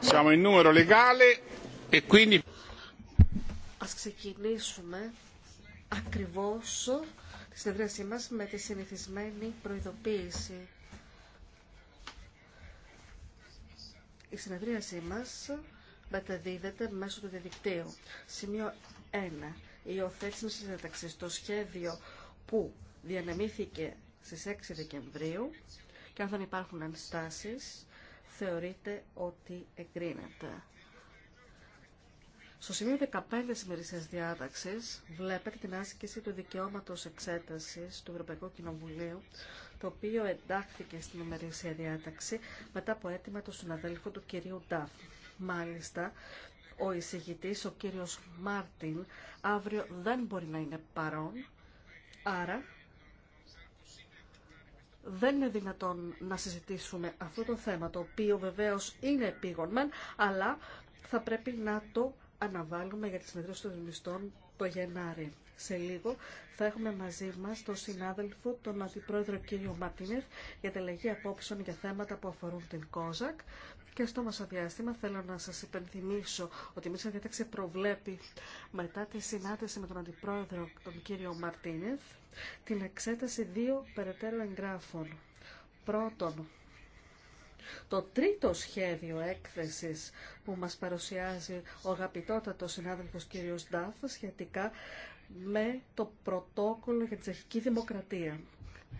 Siamo e Ας ξεκινήσουμε ακριβώς τη συνεδρίασή μας με τη συνηθισμένη προειδοποίηση. Η συνεδρίασή μας μεταδίδεται μέσω του διαδικτύου. Σημείο 1. Η οθέτηση συνταξής. στο σχέδιο που διανεμήθηκε στις 6 Δεκεμβρίου και αν δεν υπάρχουν ανστάσεις θεωρείται ότι εγκρίνεται. Στο σημείο 15 της ημερήσιας διάταξης βλέπετε την άσκηση του δικαιώματος εξέτασης του Ευρωπαϊκού Κοινοβουλίου, το οποίο εντάχθηκε στην ημερήσια διάταξη μετά από αίτημα του συναδέλφου του κυρίου Νταφ. Μάλιστα, ο εισηγητής, ο κύριος Μάρτιν, αύριο δεν μπορεί να είναι παρόν, άρα δεν είναι δυνατόν να συζητήσουμε αυτό το θέμα, το οποίο βεβαίως είναι επίγον αλλά θα πρέπει να το αναβάλουμε για τη συνεδρίαση των μισθών το Γενάρη. Σε λίγο θα έχουμε μαζί μας τον συνάδελφο, τον αντιπρόεδρο κύριο Μαρτίνεφ, για τελεγή απόψεων για θέματα που αφορούν την ΚΟΖΑΚ. Και στο μας διάστημα θέλω να σας υπενθυμίσω ότι η Μίσσα προβλέπει μετά τη συνάντηση με τον αντιπρόεδρο, τον κύριο Μαρτίνεφ, την εξέταση δύο περαιτέρω εγγράφων. Πρώτον, το τρίτο σχέδιο έκθεσης που μας παρουσιάζει ο αγαπητότατος συνάδελφος κ. Ντάφ σχετικά με το πρωτόκολλο για την τσεχική δημοκρατία.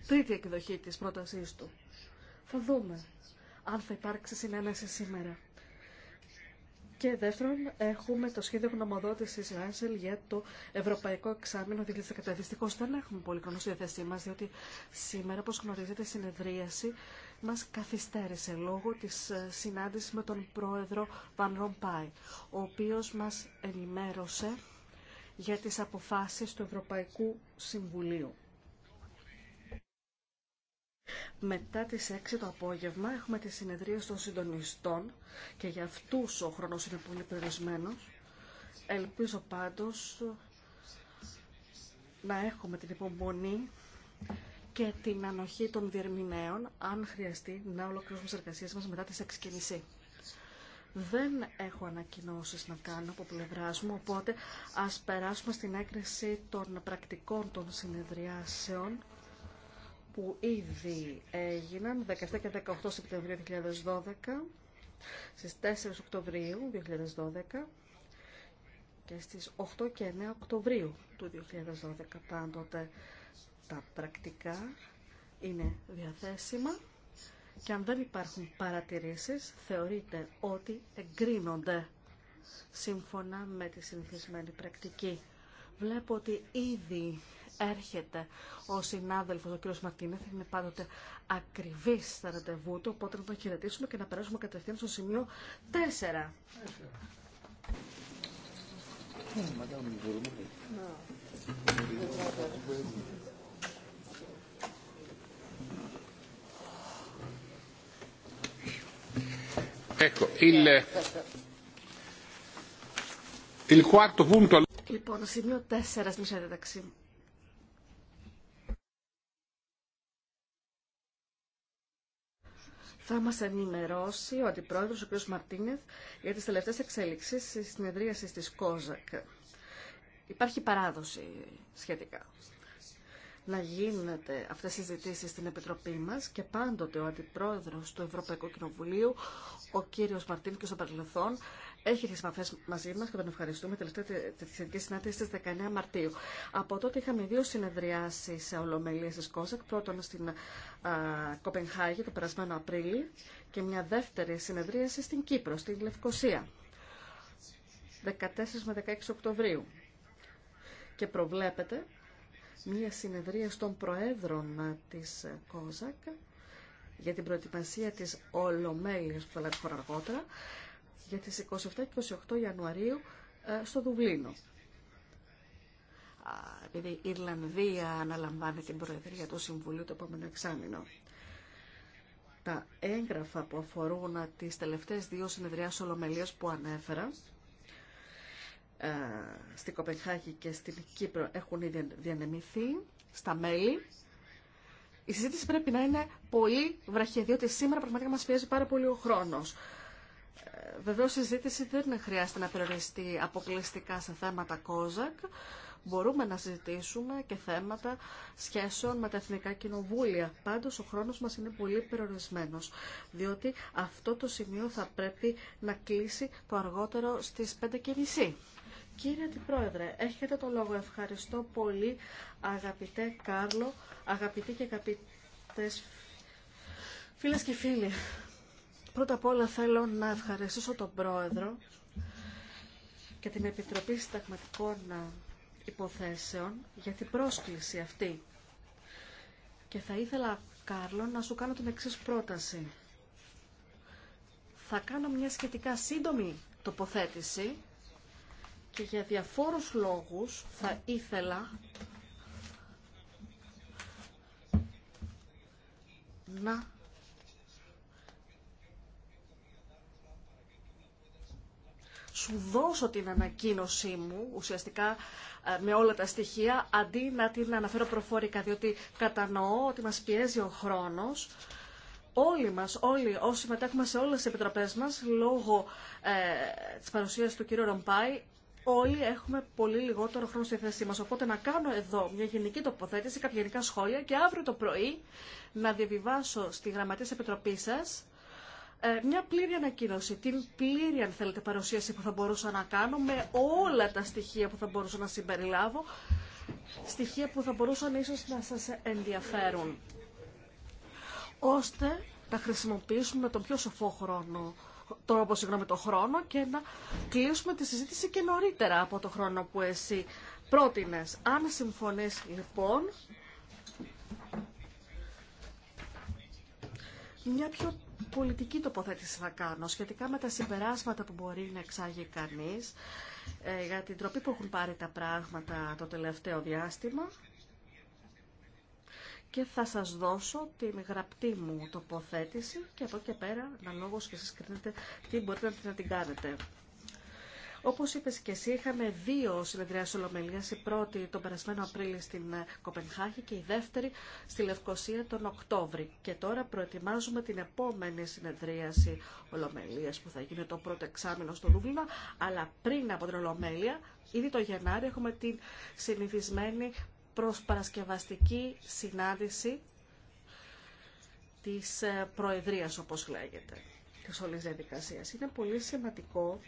Τρίτη εκδοχή της πρότασής του. Θα δούμε αν θα υπάρξει συνένεση σήμερα. Και δεύτερον, έχουμε το σχέδιο γνωμοδότηση Ράνσελ για το Ευρωπαϊκό Εξάμεινο 2017. Δυστυχώ δεν έχουμε πολύ χρόνο στη διαθέσή μα, διότι σήμερα, όπω γνωρίζετε, η συνεδρίαση μα καθυστέρησε λόγω τη ε, συνάντηση με τον πρόεδρο Βαν Ρομπάι, ο οποίο μα ενημέρωσε για τις αποφάσεις του Ευρωπαϊκού Συμβουλίου. Μετά τις 6 το απόγευμα έχουμε τη συνεδρία των συντονιστών και για αυτούς ο χρόνος είναι πολύ περιορισμένο. Ελπίζω πάντως να έχουμε την υπομονή και την ανοχή των διερμηνέων αν χρειαστεί να ολοκληρώσουμε τις εργασίες μας μετά τις 6.30. Δεν έχω ανακοινώσεις να κάνω από πλευρά μου, οπότε ας περάσουμε στην έκριση των πρακτικών των συνεδριάσεων που ήδη έγιναν 17 και 18 Σεπτεμβρίου 2012 στις 4 Οκτωβρίου 2012 και στις 8 και 9 Οκτωβρίου του 2012 πάντοτε τα πρακτικά είναι διαθέσιμα και αν δεν υπάρχουν παρατηρήσεις θεωρείται ότι εγκρίνονται σύμφωνα με τη συνηθισμένη πρακτική. Βλέπω ότι ήδη έρχεται ο συνάδελφος, ο κύριος Μαρτίνεθ, είναι πάντοτε ακριβής στα ραντεβού του, οπότε να τον χαιρετήσουμε και να περάσουμε κατευθείαν στο σημείο 4. Ecco, il, il quarto punto Λοιπόν, σημείο 4 στη μισή Θα μας ενημερώσει ο Αντιπρόεδρος, ο κ. Μαρτίνεθ, για τις τελευταίες εξέλιξεις τη συνεδρίαση της ΚΟΖΑΚ. Υπάρχει παράδοση σχετικά να γίνεται αυτές οι συζητήσεις στην Επιτροπή μας και πάντοτε ο Αντιπρόεδρος του Ευρωπαϊκού Κοινοβουλίου, ο κύριος Μαρτίν και ο παρελθόν, έχει τι μαζί μας και τον ευχαριστούμε. Τελευταία τη συνάντηση στις 19 Μαρτίου. Από τότε είχαμε δύο συνεδριάσει σε ολομελίες τη ΚΟΣΕΚ. Πρώτον στην α, Κοπενχάγη το περασμένο Απρίλιο και μια δεύτερη συνεδρίαση στην Κύπρο, στην Λευκοσία. 14 με 16 Οκτωβρίου. Και προβλέπεται μια συνεδρία των Προέδρων της ΚΟΖΑΚ για την προετοιμασία της Ολομέλειας που θα λάβει χώρα αργότερα για τις 27 και 28 Ιανουαρίου ε, στο Δουβλίνο. Επειδή η Ιρλανδία αναλαμβάνει την Προεδρία του Συμβουλίου το επόμενο εξάμεινο. Τα έγγραφα που αφορούν τις τελευταίες δύο συνεδριάς ολομελίας που ανέφερα ε, στην Κοπενχάγη και στην Κύπρο έχουν ήδη διανεμηθεί στα μέλη. Η συζήτηση πρέπει να είναι πολύ διότι σήμερα πραγματικά μας πιέζει πάρα πολύ ο χρόνος. Βεβαίως η συζήτηση δεν χρειάζεται να περιοριστεί αποκλειστικά σε θέματα ΚΟΖΑΚ. Μπορούμε να συζητήσουμε και θέματα σχέσεων με τα εθνικά κοινοβούλια. Πάντως ο χρόνος μας είναι πολύ περιορισμένος, διότι αυτό το σημείο θα πρέπει να κλείσει το αργότερο στις 5.30. Κύριε Τιπρόεδρε, έχετε το λόγο. Ευχαριστώ πολύ αγαπητέ Κάρλο, αγαπητοί και αγαπητές φίλες και φίλοι. Πρώτα απ' όλα θέλω να ευχαριστήσω τον Πρόεδρο και την Επιτροπή Συνταγματικών Υποθέσεων για την πρόσκληση αυτή. Και θα ήθελα, Κάρλο, να σου κάνω την εξή πρόταση. Θα κάνω μια σχετικά σύντομη τοποθέτηση και για διαφόρους λόγους θα ήθελα να σου δώσω την ανακοίνωσή μου, ουσιαστικά ε, με όλα τα στοιχεία, αντί να την αναφέρω προφορικά, διότι κατανοώ ότι μας πιέζει ο χρόνος. Όλοι μας, όλοι όσοι συμμετέχουμε σε όλες τις επιτροπές μας, λόγω ε, της παρουσίας του κύριου Ρομπάη, όλοι έχουμε πολύ λιγότερο χρόνο στη θέση μας. Οπότε να κάνω εδώ μια γενική τοποθέτηση, κάποια γενικά σχόλια και αύριο το πρωί να διαβιβάσω στη γραμματεία της Επιτροπής σας ε, μια πλήρη ανακοίνωση, την πλήρη αν θέλετε παρουσίαση που θα μπορούσα να κάνω με όλα τα στοιχεία που θα μπορούσα να συμπεριλάβω, στοιχεία που θα μπορούσαν ίσως να σας ενδιαφέρουν, ώστε να χρησιμοποιήσουμε τον πιο σοφό χρόνο τρόπο, συγγνώμη, το χρόνο και να κλείσουμε τη συζήτηση και νωρίτερα από το χρόνο που εσύ πρότεινες. Αν συμφωνείς λοιπόν, μια πιο πολιτική τοποθέτηση θα κάνω σχετικά με τα συμπεράσματα που μπορεί να εξάγει κανείς ε, για την τροπή που έχουν πάρει τα πράγματα το τελευταίο διάστημα και θα σας δώσω την γραπτή μου τοποθέτηση και από εκεί και πέρα, λόγω και εσείς κρίνετε τι μπορείτε να την κάνετε. Όπως είπες και εσύ, είχαμε δύο συνεδρία ολομελίας, η πρώτη τον περασμένο Απρίλιο στην ε, Κοπενχάγη και η δεύτερη στη Λευκοσία τον Οκτώβρη. Και τώρα προετοιμάζουμε την επόμενη συνεδρίαση ολομελίας που θα γίνει το πρώτο εξάμεινο στο Λούβλινο, αλλά πριν από την ολομέλεια, ήδη το Γενάρη έχουμε την συνηθισμένη προσπαρασκευαστική συνάντηση της ε, Προεδρίας, όπως λέγεται, της όλης διαδικασίας. Είναι πολύ σημαντικό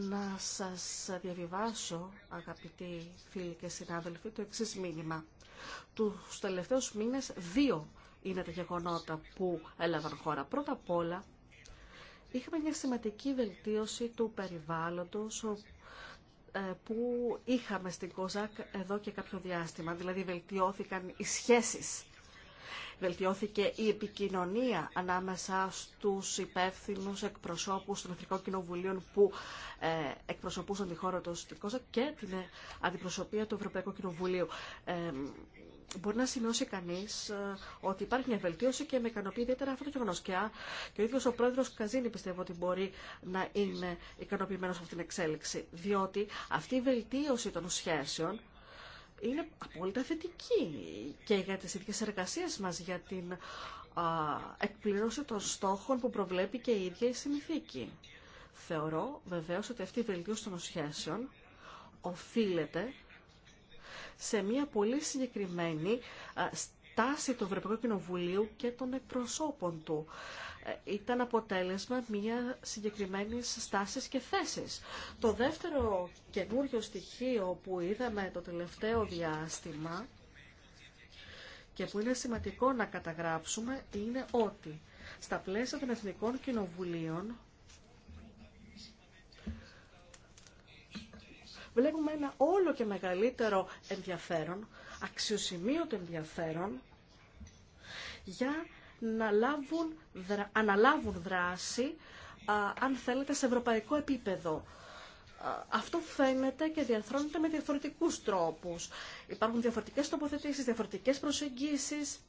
να σας διαβιβάσω, αγαπητοί φίλοι και συνάδελφοι, το εξής μήνυμα. Τους τελευταίους μήνες δύο είναι τα γεγονότα που έλαβαν χώρα. Πρώτα απ' όλα, είχαμε μια σημαντική βελτίωση του περιβάλλοντος ε, που είχαμε στην ΚΟΖΑΚ εδώ και κάποιο διάστημα. Δηλαδή, βελτιώθηκαν οι σχέσεις Βελτιώθηκε η επικοινωνία ανάμεσα στους υπεύθυνους εκπροσώπους των Εθνικών Κοινοβουλίων που ε, εκπροσωπούσαν τη χώρα του ΣΤΙΚΟΖΑ και την αντιπροσωπεία του Ευρωπαϊκού Κοινοβουλίου. Ε, μπορεί να σημειώσει κανεί ε, ότι υπάρχει μια βελτίωση και με ικανοποιεί ιδιαίτερα αυτό το γεγονό. Και ο ίδιο ο πρόεδρο Καζίνη πιστεύω ότι μπορεί να είναι ικανοποιημένο από την εξέλιξη. Διότι αυτή η βελτίωση των σχέσεων είναι απόλυτα θετική και για τις ίδιες εργασίες μας, για την α, εκπληρώση των στόχων που προβλέπει και η ίδια η συνθήκη. Θεωρώ βεβαίως ότι αυτή η βελτίωση των σχέσεων οφείλεται σε μια πολύ συγκεκριμένη στάση του Ευρωπαϊκού Κοινοβουλίου και των εκπροσώπων του ήταν αποτέλεσμα μια συγκεκριμένη στάση και θέση. Το δεύτερο καινούριο στοιχείο που είδαμε το τελευταίο διάστημα και που είναι σημαντικό να καταγράψουμε είναι ότι στα πλαίσια των Εθνικών Κοινοβουλίων βλέπουμε ένα όλο και μεγαλύτερο ενδιαφέρον, αξιοσημείωτο ενδιαφέρον για να λάβουν, αναλάβουν δράση, αν θέλετε, σε ευρωπαϊκό επίπεδο. Αυτό φαίνεται και διαρθρώνεται με διαφορετικούς τρόπους. Υπάρχουν διαφορετικές τοποθετήσεις, διαφορετικές προσεγγίσεις.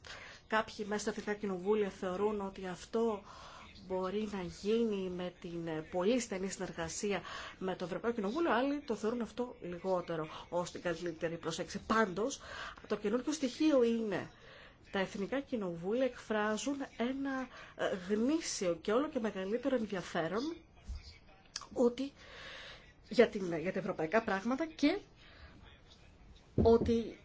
Κάποιοι μέσα στα εθνικά κοινοβούλια θεωρούν ότι αυτό μπορεί να γίνει με την πολύ στενή συνεργασία με το Ευρωπαϊκό Κοινοβούλιο, άλλοι το θεωρούν αυτό λιγότερο ως την καλύτερη προσέξη. Πάντω, το καινούργιο στοιχείο είναι τα εθνικά κοινοβούλια εκφράζουν ένα ε, γνήσιο και όλο και μεγαλύτερο ενδιαφέρον ότι για, την, για τα ευρωπαϊκά πράγματα και ότι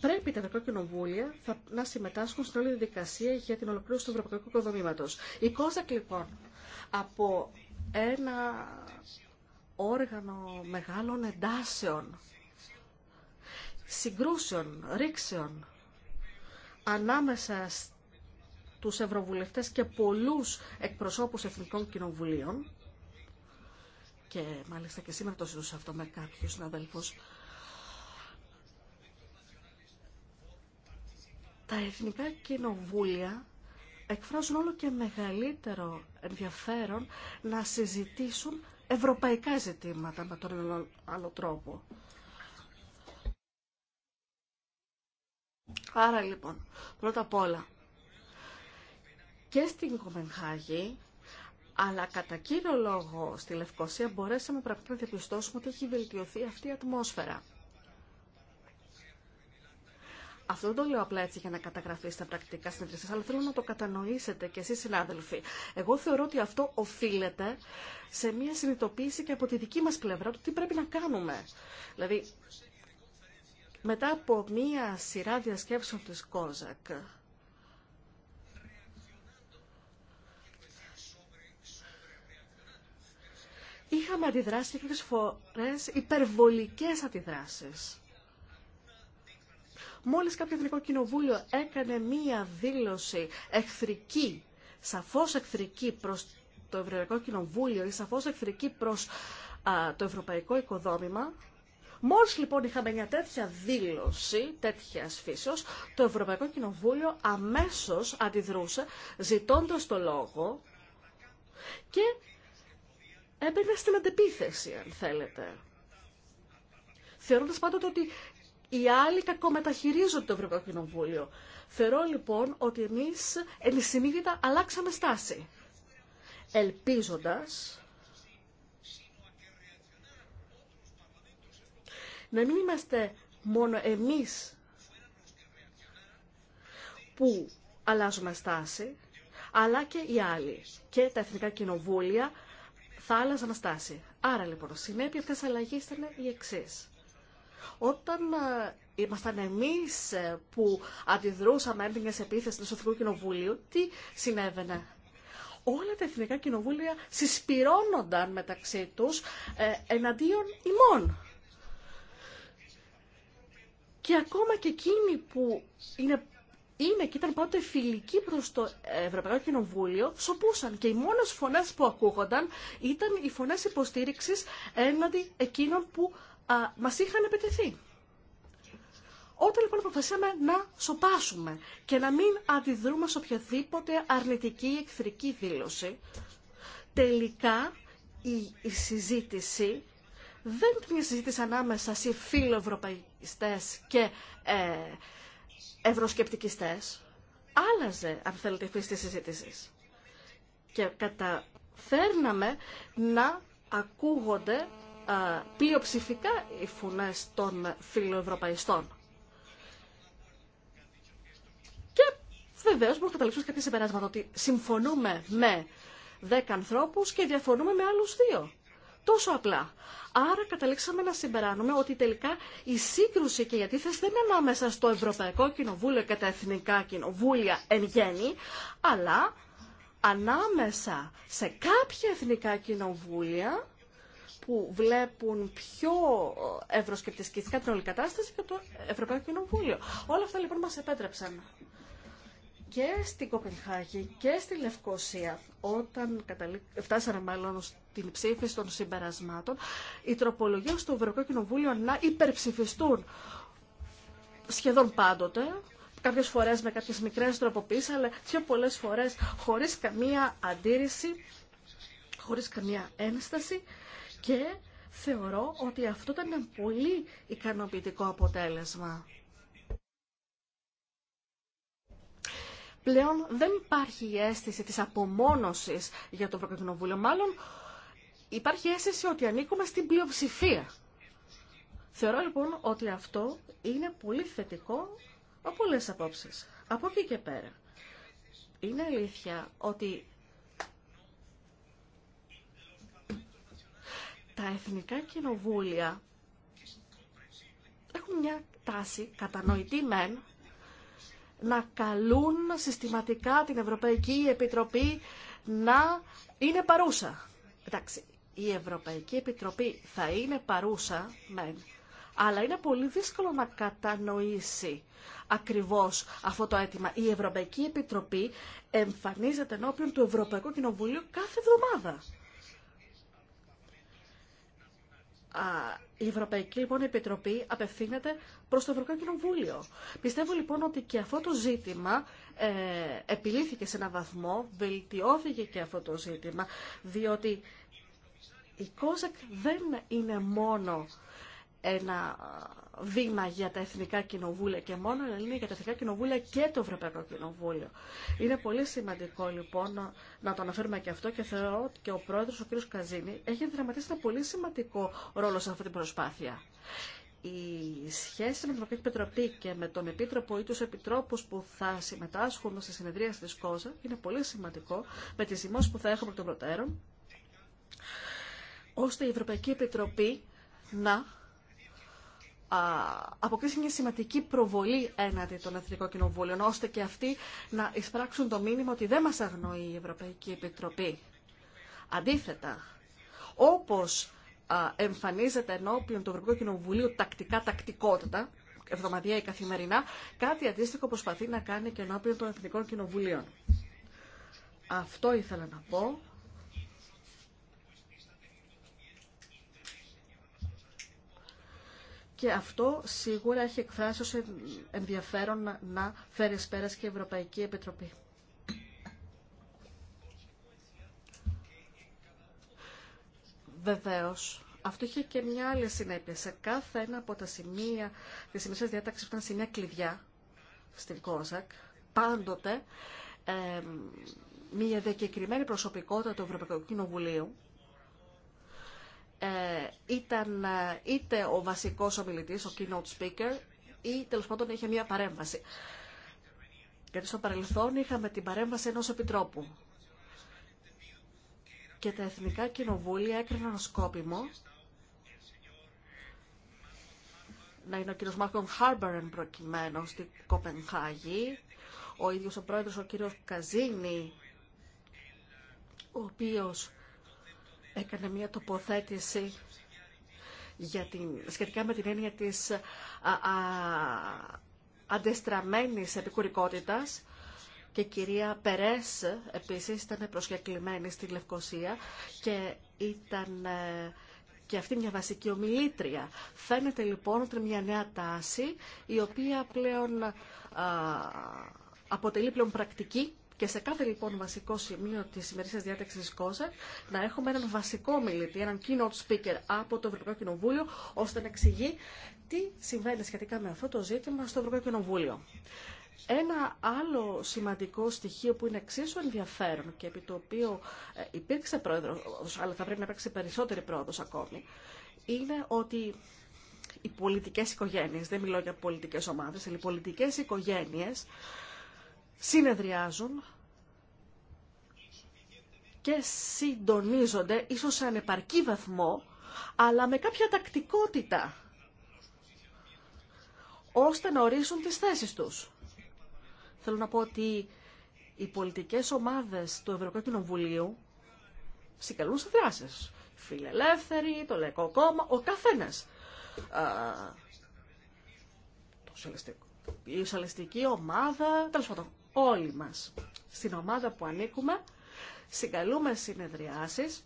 πρέπει τα Ευρωπαϊκά Κοινοβούλια να συμμετάσχουν στην όλη διαδικασία για την ολοκλήρωση του Ευρωπαϊκού Οικοδομήματος. Η ΚΟΖΑΚ λοιπόν από ένα όργανο μεγάλων εντάσεων, συγκρούσεων, ρήξεων, ανάμεσα τους ευρωβουλευτές και πολλούς εκπροσώπους εθνικών κοινοβουλίων και μάλιστα και σήμερα το ζητούσα αυτό με κάποιους συναδέλφους τα εθνικά κοινοβούλια εκφράζουν όλο και μεγαλύτερο ενδιαφέρον να συζητήσουν ευρωπαϊκά ζητήματα με τον άλλο τρόπο. Άρα λοιπόν, πρώτα απ' όλα, και στην Κοπενχάγη, αλλά κατά κύριο λόγο στη Λευκοσία, μπορέσαμε πραγματικά να διαπιστώσουμε ότι έχει βελτιωθεί αυτή η ατμόσφαιρα. Αυτό δεν το λέω απλά έτσι για να καταγραφεί στα πρακτικά συνεδρία αλλά θέλω να το κατανοήσετε και εσείς συνάδελφοι. Εγώ θεωρώ ότι αυτό οφείλεται σε μια συνειδητοποίηση και από τη δική μας πλευρά του τι πρέπει να κάνουμε. Δηλαδή, μετά από μία σειρά διασκέψεων της Κόζακ, είχαμε αντιδράσει κάποιες φορές υπερβολικές αντιδράσεις. Μόλις κάποιο εθνικό κοινοβούλιο έκανε μία δήλωση εχθρική, σαφώς εχθρική προς το Ευρωπαϊκό Κοινοβούλιο ή σαφώς εχθρική προς το Ευρωπαϊκό Οικοδόμημα, Μόλις λοιπόν είχαμε μια τέτοια δήλωση, τέτοια φύσεω, το Ευρωπαϊκό Κοινοβούλιο αμέσως αντιδρούσε ζητώντας το λόγο και έμπαινε στην αντεπίθεση, αν θέλετε. Θεωρώντας πάντοτε ότι οι άλλοι κακομεταχειρίζονται το Ευρωπαϊκό Κοινοβούλιο. Θεωρώ λοιπόν ότι εμείς ενισυνείδητα αλλάξαμε στάση. Ελπίζοντας να μην είμαστε μόνο εμείς που αλλάζουμε στάση, αλλά και οι άλλοι και τα εθνικά κοινοβούλια θα άλλαζαν στάση. Άρα λοιπόν, συνέπεια αυτές αλλαγή ήταν οι εξή. Όταν ε, ήμασταν εμείς ε, που αντιδρούσαμε έντυγε επίθεση του Εθνικού Κοινοβουλίου, τι συνέβαινε. Όλα τα εθνικά κοινοβούλια συσπυρώνονταν μεταξύ τους ε, εναντίον ημών και ακόμα και εκείνοι που είναι, είναι και ήταν πάντοτε φιλικοί προς το Ευρωπαϊκό Κοινοβούλιο, σοπούσαν. Και οι μόνες φωνές που ακούγονταν ήταν οι φωνέ υποστήριξης έναντι εκείνων που μα μας είχαν επιτεθεί. Όταν λοιπόν αποφασίσαμε να σοπάσουμε και να μην αντιδρούμε σε οποιαδήποτε αρνητική ή εχθρική δήλωση, τελικά η συζήτηση δεν είναι μια συζήτηση ανάμεσα σε φιλοευρωπαϊστές και ε, ευρωσκεπτικιστές. Άλλαζε, αν θέλετε, η φύση της συζήτησης. Και καταφέρναμε να ακούγονται ε, πλειοψηφικά οι φωνές των φιλοευρωπαϊστών. Και βεβαίω μπορούμε να καταλήξουμε κάποια συμπεράσματα ότι συμφωνούμε με δέκα ανθρώπους και διαφωνούμε με άλλους δύο τόσο απλά. Άρα καταλήξαμε να συμπεράνουμε ότι τελικά η σύγκρουση και η αντίθεση δεν είναι ανάμεσα στο Ευρωπαϊκό Κοινοβούλιο και τα Εθνικά Κοινοβούλια εν γέννη, αλλά ανάμεσα σε κάποια Εθνικά Κοινοβούλια που βλέπουν πιο ε, ευρωσκεπτική την όλη κατάσταση και το Ευρωπαϊκό Κοινοβούλιο. Όλα αυτά λοιπόν μας επέτρεψαν και στην Κοπενχάγη και στη Λευκοσία, όταν καταλή... φτάσαμε μάλλον την ψήφιση των συμπερασμάτων, οι τροπολογία στο Ευρωπαϊκό Κοινοβούλιο να υπερψηφιστούν σχεδόν πάντοτε, κάποιε φορέ με κάποιε μικρέ τροποποίησει, αλλά πιο πολλέ φορέ χωρί καμία αντίρρηση, χωρί καμία ένσταση και θεωρώ ότι αυτό ήταν ένα πολύ ικανοποιητικό αποτέλεσμα. Πλέον δεν υπάρχει η αίσθηση της απομόνωσης για το Ευρωκοινοβούλιο. Μάλλον υπάρχει αίσθηση ότι ανήκουμε στην πλειοψηφία. Θεωρώ λοιπόν ότι αυτό είναι πολύ θετικό από πολλές απόψεις. Από εκεί και πέρα. Είναι αλήθεια ότι τα εθνικά κοινοβούλια έχουν μια τάση κατανοητή μεν να καλούν συστηματικά την Ευρωπαϊκή Επιτροπή να είναι παρούσα. Εντάξει, η Ευρωπαϊκή Επιτροπή θα είναι παρούσα, μεν, αλλά είναι πολύ δύσκολο να κατανοήσει ακριβώς αυτό το αίτημα. Η Ευρωπαϊκή Επιτροπή εμφανίζεται ενώπιον του Ευρωπαϊκού Κοινοβουλίου κάθε εβδομάδα. Η Ευρωπαϊκή λοιπόν, Επιτροπή απευθύνεται προς το Ευρωπαϊκό Κοινοβούλιο. Πιστεύω λοιπόν ότι και αυτό το ζήτημα ε, επιλύθηκε σε έναν βαθμό, βελτιώθηκε και αυτό το ζήτημα, διότι η ΚΟΖΑΚ δεν είναι μόνο ένα βήμα για τα εθνικά κοινοβούλια και μόνο είναι για τα εθνικά κοινοβούλια και το Ευρωπαϊκό Κοινοβούλιο. Είναι πολύ σημαντικό λοιπόν να, να το αναφέρουμε και αυτό και θεωρώ ότι και ο πρόεδρος ο κ. Καζίνη έχει δραματίσει ένα πολύ σημαντικό ρόλο σε αυτή την προσπάθεια. Η σχέση με την Ευρωπαϊκή Επιτροπή και με τον Επίτροπο ή του Επιτρόπου που θα συμμετάσχουν στη συνεδρία τη ΚΟΖΑ είναι πολύ σημαντικό με τι δημόσιε που θα έχουμε εκ των προτέρων ώστε η Ευρωπαϊκή Επιτροπή να αποκτήσει μια σημαντική προβολή έναντι των Εθνικών Κοινοβουλίων, ώστε και αυτοί να εισπράξουν το μήνυμα ότι δεν μας αγνοεί η Ευρωπαϊκή Επιτροπή. Αντίθετα, όπως εμφανίζεται ενώπιον του Ευρωπαϊκού Κοινοβουλίου τακτικά τακτικότητα, εβδομαδιαία ή καθημερινά, κάτι αντίστοιχο προσπαθεί να κάνει και ενώπιον των Εθνικών Κοινοβουλίων. Αυτό ήθελα να πω Και αυτό σίγουρα έχει εκφράσει ως ενδιαφέρον να φέρει πέρας και η Ευρωπαϊκή Επιτροπή. Βεβαίως, αυτό είχε και μια άλλη συνέπεια. Σε κάθε ένα από τα σημεία της σημερινής διάταξης ήταν σημεία κλειδιά στην ΚΟΖΑΚ, πάντοτε μια διακεκριμένη προσωπικότητα του Ευρωπαϊκού Κοινοβουλίου ε, ήταν ε, είτε ο βασικός ομιλητής, ο keynote speaker, ή τέλο πάντων είχε μια παρέμβαση. Γιατί στο παρελθόν είχαμε την παρέμβαση ενός επιτρόπου. Και τα εθνικά κοινοβούλια έκριναν σκόπιμο να είναι ο κύριος Μάρκον Χάρμπερν προκειμένου στην Κοπενχάγη, ο ίδιος ο πρόεδρος ο κύριος Καζίνη, ο οποίος έκανε μια τοποθέτηση για την, σχετικά με την έννοια της α, α, αντεστραμμένης επικουρικότητας και η κυρία Περές επίσης ήταν προσκεκλημένη στη Λευκοσία και ήταν ε, και αυτή μια βασική ομιλήτρια. Φαίνεται λοιπόν ότι μια νέα τάση η οποία πλέον α, αποτελεί πλέον πρακτική και σε κάθε λοιπόν βασικό σημείο τη ημερήσια διάταξη τη να έχουμε έναν βασικό μιλητή, έναν keynote speaker από το Ευρωπαϊκό Κοινοβούλιο, ώστε να εξηγεί τι συμβαίνει σχετικά με αυτό το ζήτημα στο Ευρωπαϊκό Κοινοβούλιο. Ένα άλλο σημαντικό στοιχείο που είναι εξίσου ενδιαφέρον και επί το οποίο ε, υπήρξε πρόεδρο, αλλά θα πρέπει να υπάρξει περισσότερη πρόοδο ακόμη, είναι ότι οι πολιτικές οικογένειες, δεν μιλώ για πολιτικέ ομάδε, αλλά οι πολιτικές οικογένειες συνεδριάζουν και συντονίζονται, ίσως σε ανεπαρκή βαθμό, αλλά με κάποια τακτικότητα, ώστε να ορίσουν τις θέσεις τους. Θέλω να πω ότι οι πολιτικές ομάδες του Ευρωπαϊκού Κοινοβουλίου συγκαλούν σε δράσεις. Φιλελεύθεροι, το Λαϊκό Κόμμα, ο καθένας. Α, το Η σαλιστική ομάδα, τέλο πάντων, όλοι μας. Στην ομάδα που ανήκουμε συγκαλούμε συνεδριάσεις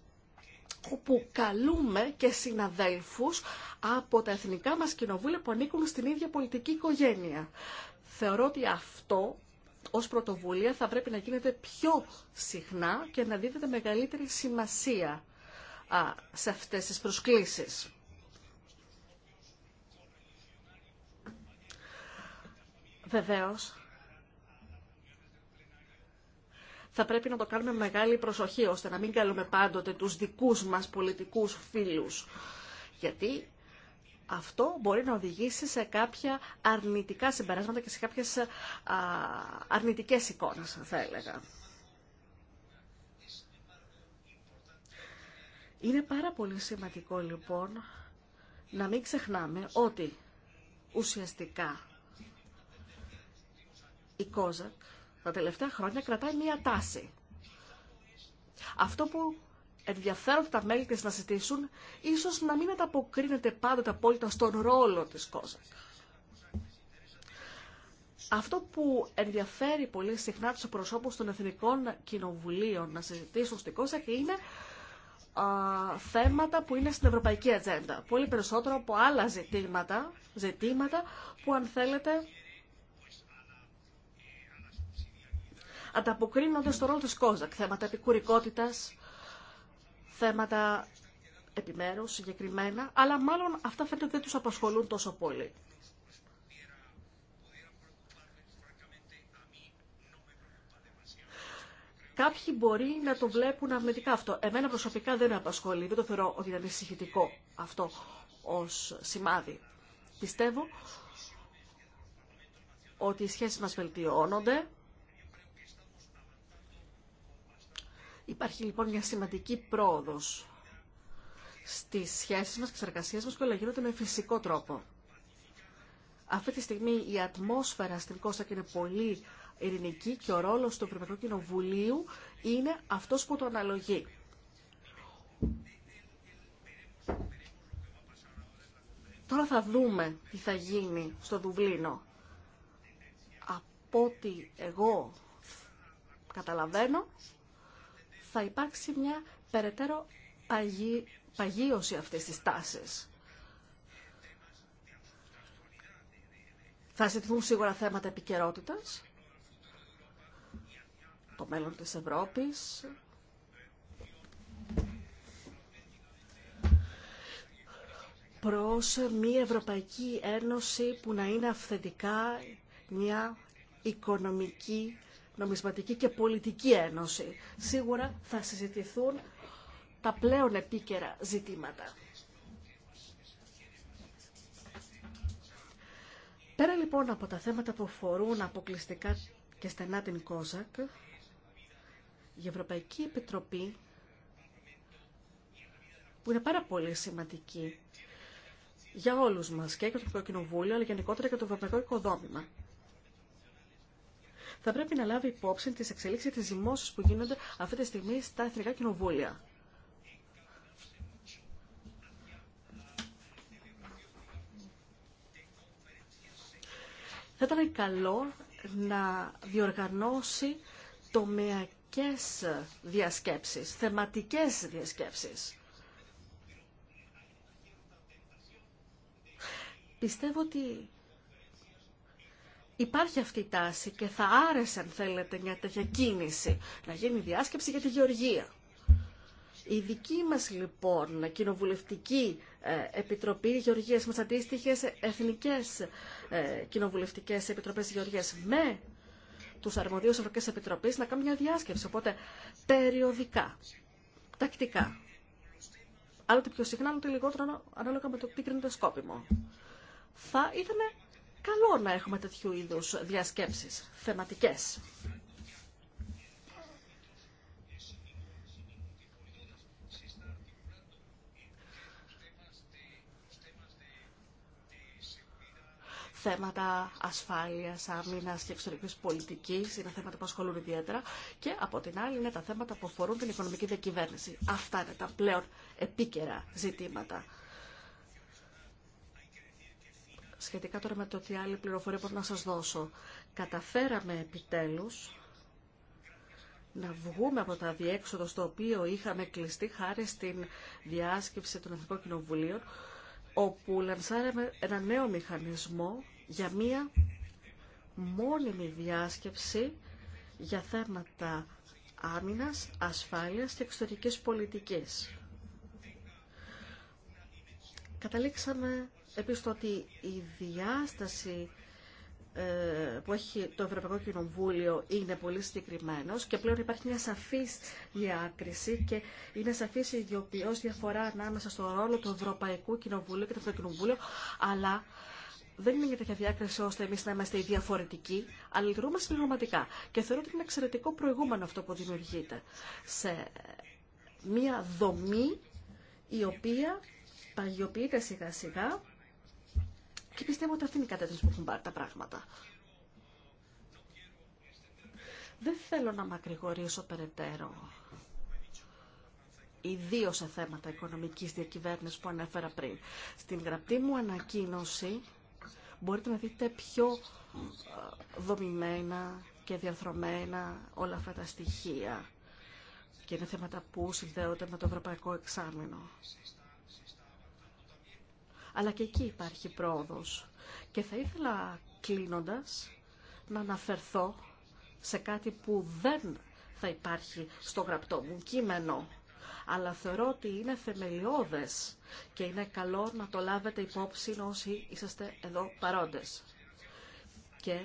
όπου καλούμε και συναδέλφους από τα εθνικά μας κοινοβούλια που ανήκουν στην ίδια πολιτική οικογένεια. Θεωρώ ότι αυτό ως πρωτοβουλία θα πρέπει να γίνεται πιο συχνά και να δίδεται μεγαλύτερη σημασία σε αυτές τις προσκλήσεις. Βεβαίως, θα πρέπει να το κάνουμε μεγάλη προσοχή, ώστε να μην καλούμε πάντοτε τους δικούς μας πολιτικούς φίλους. Γιατί αυτό μπορεί να οδηγήσει σε κάποια αρνητικά συμπεράσματα και σε κάποιες αρνητικές εικόνες, θα έλεγα. Είναι πάρα πολύ σημαντικό, λοιπόν, να μην ξεχνάμε ότι ουσιαστικά η ΚΟΖΑΚ τα τελευταία χρόνια κρατάει μία τάση. Αυτό που ενδιαφέρονται τα μέλη της να συζητήσουν, ίσως να μην ανταποκρίνεται τα απόλυτα στον ρόλο της Κόζακ. Αυτό που ενδιαφέρει πολύ συχνά τους προσώπους των Εθνικών Κοινοβουλίων να συζητήσουν στην και είναι α, θέματα που είναι στην Ευρωπαϊκή Ατζέντα. Πολύ περισσότερο από άλλα ζητήματα, ζητήματα που αν θέλετε ανταποκρίνονται στο ρόλο της Κόζακ. Θέματα επικουρικότητας, θέματα επιμέρους, συγκεκριμένα, αλλά μάλλον αυτά φαίνεται δεν τους απασχολούν τόσο πολύ. Κάποιοι μπορεί να το βλέπουν αρνητικά αυτό. Εμένα προσωπικά δεν με απασχολεί, δεν το θεωρώ ότι είναι ανησυχητικό αυτό ως σημάδι. Πιστεύω ότι οι σχέσεις μας βελτιώνονται, Υπάρχει λοιπόν μια σημαντική πρόοδος στις σχέσεις μας και στις εργασίες μας που όλα γίνονται με φυσικό τρόπο. Αυτή τη στιγμή η ατμόσφαιρα στην Κώστα και είναι πολύ ειρηνική και ο ρόλο του Ευρωπαϊκού Κοινοβουλίου είναι αυτός που το αναλογεί. Τώρα θα δούμε τι θα γίνει στο Δουβλίνο. Από ό,τι εγώ καταλαβαίνω, θα υπάρξει μια περαιτέρω παγί, παγίωση αυτής της τάσης. Θα ζητηθούν σίγουρα θέματα επικαιρότητα, το μέλλον της Ευρώπης, προς μια Ευρωπαϊκή Ένωση που να είναι αυθεντικά μια οικονομική νομισματική και πολιτική ένωση. Σίγουρα θα συζητηθούν τα πλέον επίκαιρα ζητήματα. Πέρα λοιπόν από τα θέματα που αφορούν αποκλειστικά και στενά την ΚΟΖΑΚ, η Ευρωπαϊκή Επιτροπή, που είναι πάρα πολύ σημαντική για όλους μας και για το Ευρωπαϊκό Κοινοβούλιο, αλλά γενικότερα και το Ευρωπαϊκό Οικοδόμημα, θα πρέπει να λάβει υπόψη τις εξελίξεις της δημόσιας που γίνονται αυτή τη στιγμή στα εθνικά κοινοβούλια. Θα ήταν καλό να διοργανώσει τομεακές διασκέψεις, θεματικές διασκέψεις. Πιστεύω ότι Υπάρχει αυτή η τάση και θα άρεσε, αν θέλετε, μια τέτοια κίνηση να γίνει διάσκεψη για τη γεωργία. Η δική μας λοιπόν κοινοβουλευτική ε, επιτροπή γεωργίας μας, αντίστοιχε εθνικές ε, κοινοβουλευτικές επιτροπές γεωργίας με τους αρμοδίους Ευρωπαϊκές Επιτροπής να κάνουν μια διάσκεψη. Οπότε περιοδικά, τακτικά, άλλοτε πιο συχνά, άλλοτε λιγότερο ανάλογα με το τι κρίνεται σκόπιμο. Θα ήταν καλό να έχουμε τέτοιου είδους διασκέψεις θεματικές. θέματα ασφάλεια, άμυνα και εξωτερική πολιτική είναι θέματα που ασχολούν ιδιαίτερα. Και από την άλλη είναι τα θέματα που αφορούν την οικονομική διακυβέρνηση. Αυτά είναι τα πλέον επίκαιρα ζητήματα σχετικά τώρα με το τι άλλη πληροφορία μπορώ να σας δώσω. Καταφέραμε επιτέλους να βγούμε από τα διέξοδο στο οποίο είχαμε κλειστεί χάρη στην διάσκεψη των Εθνικών Κοινοβουλίων, όπου λανσάραμε ένα νέο μηχανισμό για μία μόνιμη διάσκεψη για θέματα άμυνας, ασφάλειας και εξωτερικής πολιτικής. Καταλήξαμε επίσης το ότι η διάσταση ε, που έχει το Ευρωπαϊκό Κοινοβούλιο είναι πολύ συγκεκριμένο και πλέον υπάρχει μια σαφής διάκριση και είναι σαφής η ιδιοποιώς διαφορά ανάμεσα στο ρόλο του Ευρωπαϊκού Κοινοβουλίου και του Κοινοβουλίου, αλλά δεν είναι για τέτοια διάκριση ώστε εμεί να είμαστε οι διαφορετικοί, αλλά λειτουργούμε συμπληρωματικά. Και θεωρώ ότι είναι εξαιρετικό προηγούμενο αυτό που δημιουργείται σε μια δομή η οποία παγιοποιείται σιγά σιγά και πιστεύω ότι αυτή είναι η κατεύθυνση που έχουν πάρει τα πράγματα. Δεν θέλω να μακρηγορήσω περαιτέρω. Ιδίω σε θέματα οικονομικής διακυβέρνηση που ανέφερα πριν. Στην γραπτή μου ανακοίνωση μπορείτε να δείτε πιο ε, δομημένα και διαθρωμένα όλα αυτά τα στοιχεία. Και είναι θέματα που συνδέονται με το Ευρωπαϊκό Εξάμεινο αλλά και εκεί υπάρχει πρόοδος. Και θα ήθελα κλείνοντας να αναφερθώ σε κάτι που δεν θα υπάρχει στο γραπτό μου κείμενο, αλλά θεωρώ ότι είναι θεμελιώδες και είναι καλό να το λάβετε υπόψη όσοι είσαστε εδώ παρόντες. Και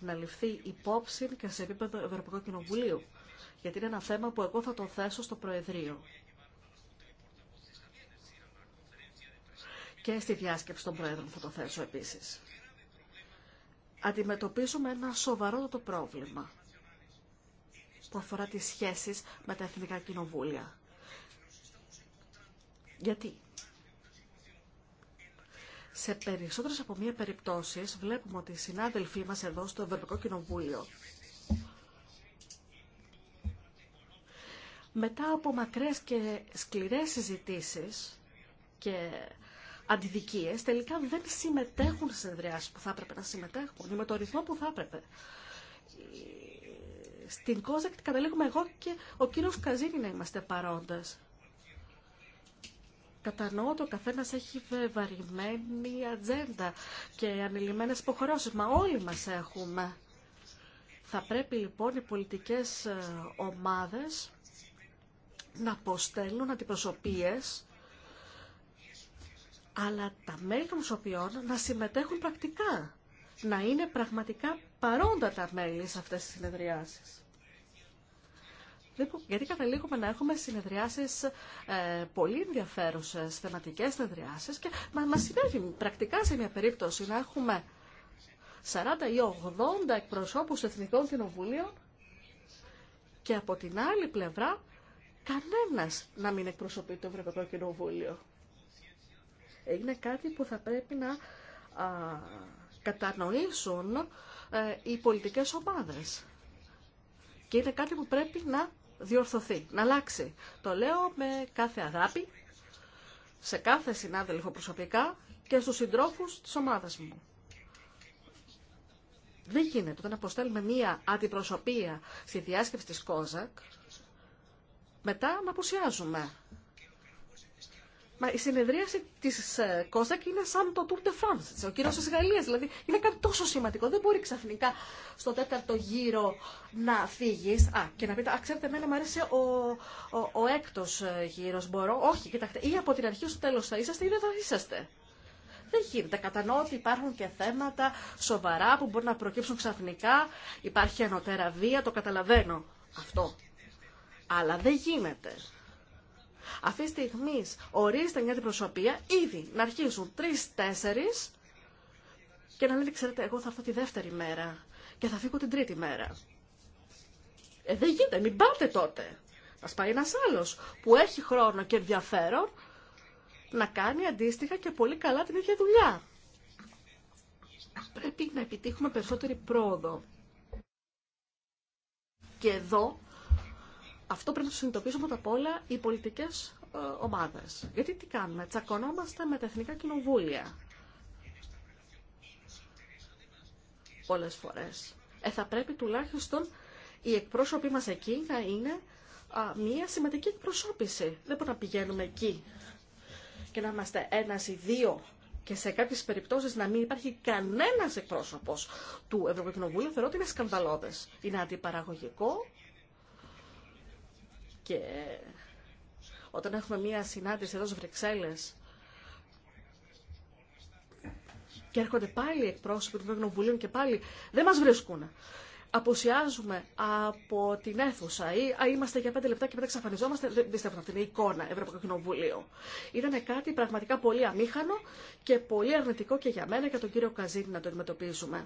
να ληφθεί υπόψη και σε επίπεδο Ευρωπαϊκού Κοινοβουλίου, γιατί είναι ένα θέμα που εγώ θα το θέσω στο Προεδρείο. και στη διάσκεψη των Πρόεδρων θα το θέσω επίσης. Αντιμετωπίζουμε ένα το πρόβλημα που αφορά τις σχέσεις με τα εθνικά κοινοβούλια. Γιατί σε περισσότερες από μία περιπτώσεις βλέπουμε ότι οι συνάδελφοί μας εδώ στο Ευρωπαϊκό Κοινοβούλιο μετά από μακρές και σκληρές συζητήσεις και αντιδικίες τελικά δεν συμμετέχουν στι συνεδριάσεις που θα έπρεπε να συμμετέχουν ή με το ρυθμό που θα έπρεπε. Στην Κόζακ καταλήγουμε εγώ και ο κύριο Καζίνη να είμαστε παρόντε. Κατανοώ ότι ο καθένα έχει βαρημένη ατζέντα και ανηλυμένε υποχρεώσει, μα όλοι μα έχουμε. Θα πρέπει λοιπόν οι πολιτικές ε, ομάδες να αποστέλουν αντιπροσωπείες αλλά τα μέλη των οποίων να συμμετέχουν πρακτικά, να είναι πραγματικά παρόντα τα μέλη σε αυτές τις συνεδριάσεις. Λοιπόν, γιατί καταλήγουμε να έχουμε συνεδριάσεις ε, πολύ ενδιαφέρουσες, θεματικές συνεδριάσεις και μα, μας συνέβη πρακτικά σε μια περίπτωση να έχουμε 40 ή 80 εκπροσώπους εθνικών κοινοβουλίων και από την άλλη πλευρά κανένας να μην εκπροσωπεί το Ευρωπαϊκό Κοινοβούλιο είναι κάτι που θα πρέπει να κατανοήσουν ε, οι πολιτικές ομάδες. Και είναι κάτι που πρέπει να διορθωθεί, να αλλάξει. Το λέω με κάθε αγάπη, σε κάθε συνάδελφο προσωπικά και στους συντρόφους της ομάδας μου. Δεν γίνεται όταν αποστέλουμε μία αντιπροσωπεία στη διάσκεψη της ΚΟΖΑΚ, μετά να απουσιάζουμε. Μα η συνεδρίαση τη ε, Κόζακ είναι σαν το Tour de France, ο κύριο τη Γαλλία. Δηλαδή είναι κάτι τόσο σημαντικό. Δεν μπορεί ξαφνικά στο τέταρτο γύρο να φύγει. Α, και να πείτε, α, ξέρετε, εμένα μου αρέσει ο, ο, ο έκτο ε, γύρο. Μπορώ. Όχι, κοιτάξτε, ή από την αρχή στο τέλο θα είσαστε ή δεν θα είσαστε. Δεν γίνεται. Κατανοώ ότι υπάρχουν και θέματα σοβαρά που μπορεί να προκύψουν ξαφνικά. Υπάρχει ανωτέρα βία, το καταλαβαίνω αυτό. Αλλά δεν γίνεται αυτή τη στιγμή ορίζεται μια αντιπροσωπεία ήδη να αρχίσουν τρει-τέσσερι και να λένε, ξέρετε, εγώ θα έρθω τη δεύτερη μέρα και θα φύγω την τρίτη μέρα. Ε, δεν γίνεται, μην πάτε τότε. Να πάει ένα άλλο που έχει χρόνο και ενδιαφέρον να κάνει αντίστοιχα και πολύ καλά την ίδια δουλειά. Πρέπει να επιτύχουμε περισσότερη πρόοδο. Και εδώ αυτό πρέπει να το συνειδητοποιήσουμε πρώτα απ' όλα οι πολιτικέ ε, ομάδε. Γιατί τι κάνουμε, τσακωνόμαστε με τα εθνικά κοινοβούλια. Πολλέ φορέ. Ε, θα πρέπει τουλάχιστον οι εκπρόσωποι μα εκεί να είναι μία σημαντική εκπροσώπηση. Δεν μπορούμε να πηγαίνουμε εκεί και να είμαστε ένα ή δύο και σε κάποιε περιπτώσει να μην υπάρχει κανένα εκπρόσωπο του Ευρωπαϊκού Κοινοβούλου, θεωρώ ότι είναι σκανδαλώδε. Είναι αντιπαραγωγικό και όταν έχουμε μία συνάντηση εδώ στις Βρυξέλλες και έρχονται πάλι εκπρόσωποι των Ευρωβουλίων και πάλι δεν μας βρίσκουν. Αποσιάζουμε από την αίθουσα ή α, είμαστε για πέντε λεπτά και μετά εξαφανιζόμαστε. Δεν πιστεύω αυτή είναι η εικόνα Ευρωπαϊκού Κοινοβουλίου. Ήταν κάτι πραγματικά πολύ αμήχανο και μετα ξαφανιζομαστε δεν πιστευω αυτη ειναι η εικονα ευρωπαικου αρνητικό και για μένα και τον κύριο Καζίνη να το αντιμετωπίζουμε.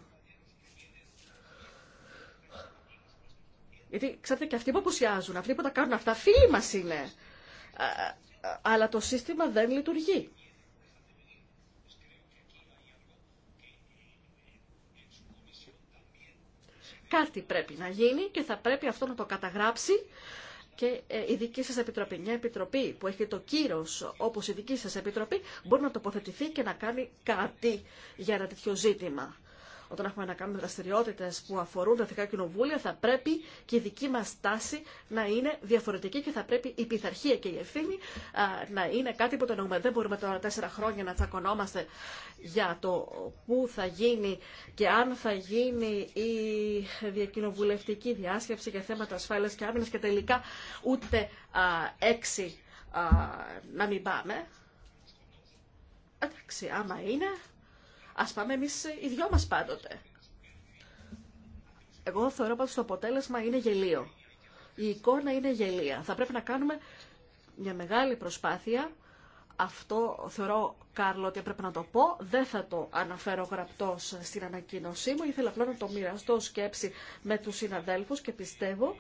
Γιατί ξέρετε και αυτοί που αποσιάζουν, αυτοί που τα κάνουν αυτά, φίλοι μα είναι. Αλλά το σύστημα δεν λειτουργεί. Κάτι πρέπει να γίνει και θα πρέπει αυτό να το καταγράψει και ε, η δική σας επιτροπή. Μια επιτροπή που έχει το κύρος όπως η δική σας επιτροπή μπορεί να τοποθετηθεί και να κάνει κάτι για ένα τέτοιο ζήτημα όταν έχουμε να κάνουμε δραστηριότητε που αφορούν τα εθνικά κοινοβούλια, θα πρέπει και η δική μα τάση να είναι διαφορετική και θα πρέπει η πειθαρχία και η ευθύνη να είναι κάτι που το εννοούμε. Δεν μπορούμε τώρα τέσσερα χρόνια να τσακωνόμαστε για το πού θα γίνει και αν θα γίνει η διακοινοβουλευτική διάσκεψη για θέματα ασφάλεια και άμυνα και τελικά ούτε έξι να μην πάμε. Εντάξει, άμα είναι, Α πάμε εμείς οι δυο μας πάντοτε. Εγώ θεωρώ πως το αποτέλεσμα είναι γελίο. Η εικόνα είναι γελία. Θα πρέπει να κάνουμε μια μεγάλη προσπάθεια. Αυτό θεωρώ, Κάρλο, ότι έπρεπε να το πω. Δεν θα το αναφέρω γραπτό στην ανακοίνωσή μου. Ήθελα απλά να το μοιραστώ σκέψη με του συναδέλφους και πιστεύω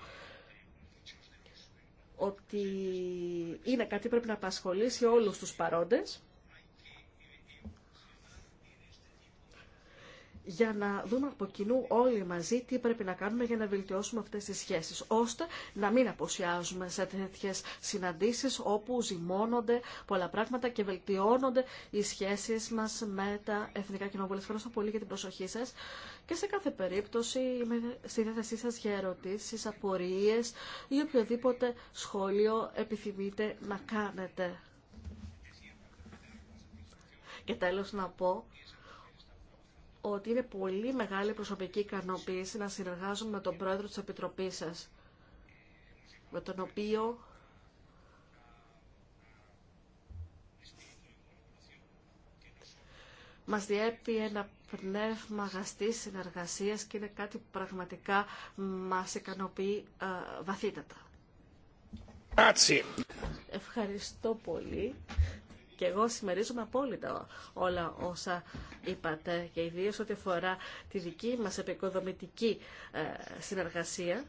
ότι είναι κάτι που πρέπει να απασχολήσει όλους τους παρόντες. για να δούμε από κοινού όλοι μαζί τι πρέπει να κάνουμε για να βελτιώσουμε αυτές τις σχέσεις, ώστε να μην αποσιάζουμε σε τέτοιες συναντήσεις όπου ζυμώνονται πολλά πράγματα και βελτιώνονται οι σχέσεις μας με τα Εθνικά Κοινοβούλια. Ευχαριστώ πολύ για την προσοχή σας και σε κάθε περίπτωση είμαι στη διάθεσή σας για ερωτήσεις, απορίες ή οποιοδήποτε σχόλιο επιθυμείτε να κάνετε. Και τέλος να πω ότι είναι πολύ μεγάλη προσωπική ικανοποίηση να συνεργάζομαι με τον πρόεδρο της Επιτροπής σας, με τον οποίο μας διέπει ένα πνεύμα αγαστής συνεργασίας και είναι κάτι που πραγματικά μας ικανοποιεί α, ε, βαθύτατα. Ευχαριστώ πολύ. Και εγώ συμμερίζομαι απόλυτα όλα όσα είπατε και ιδίως ό,τι αφορά τη δική μας επικοδομητική ε, συνεργασία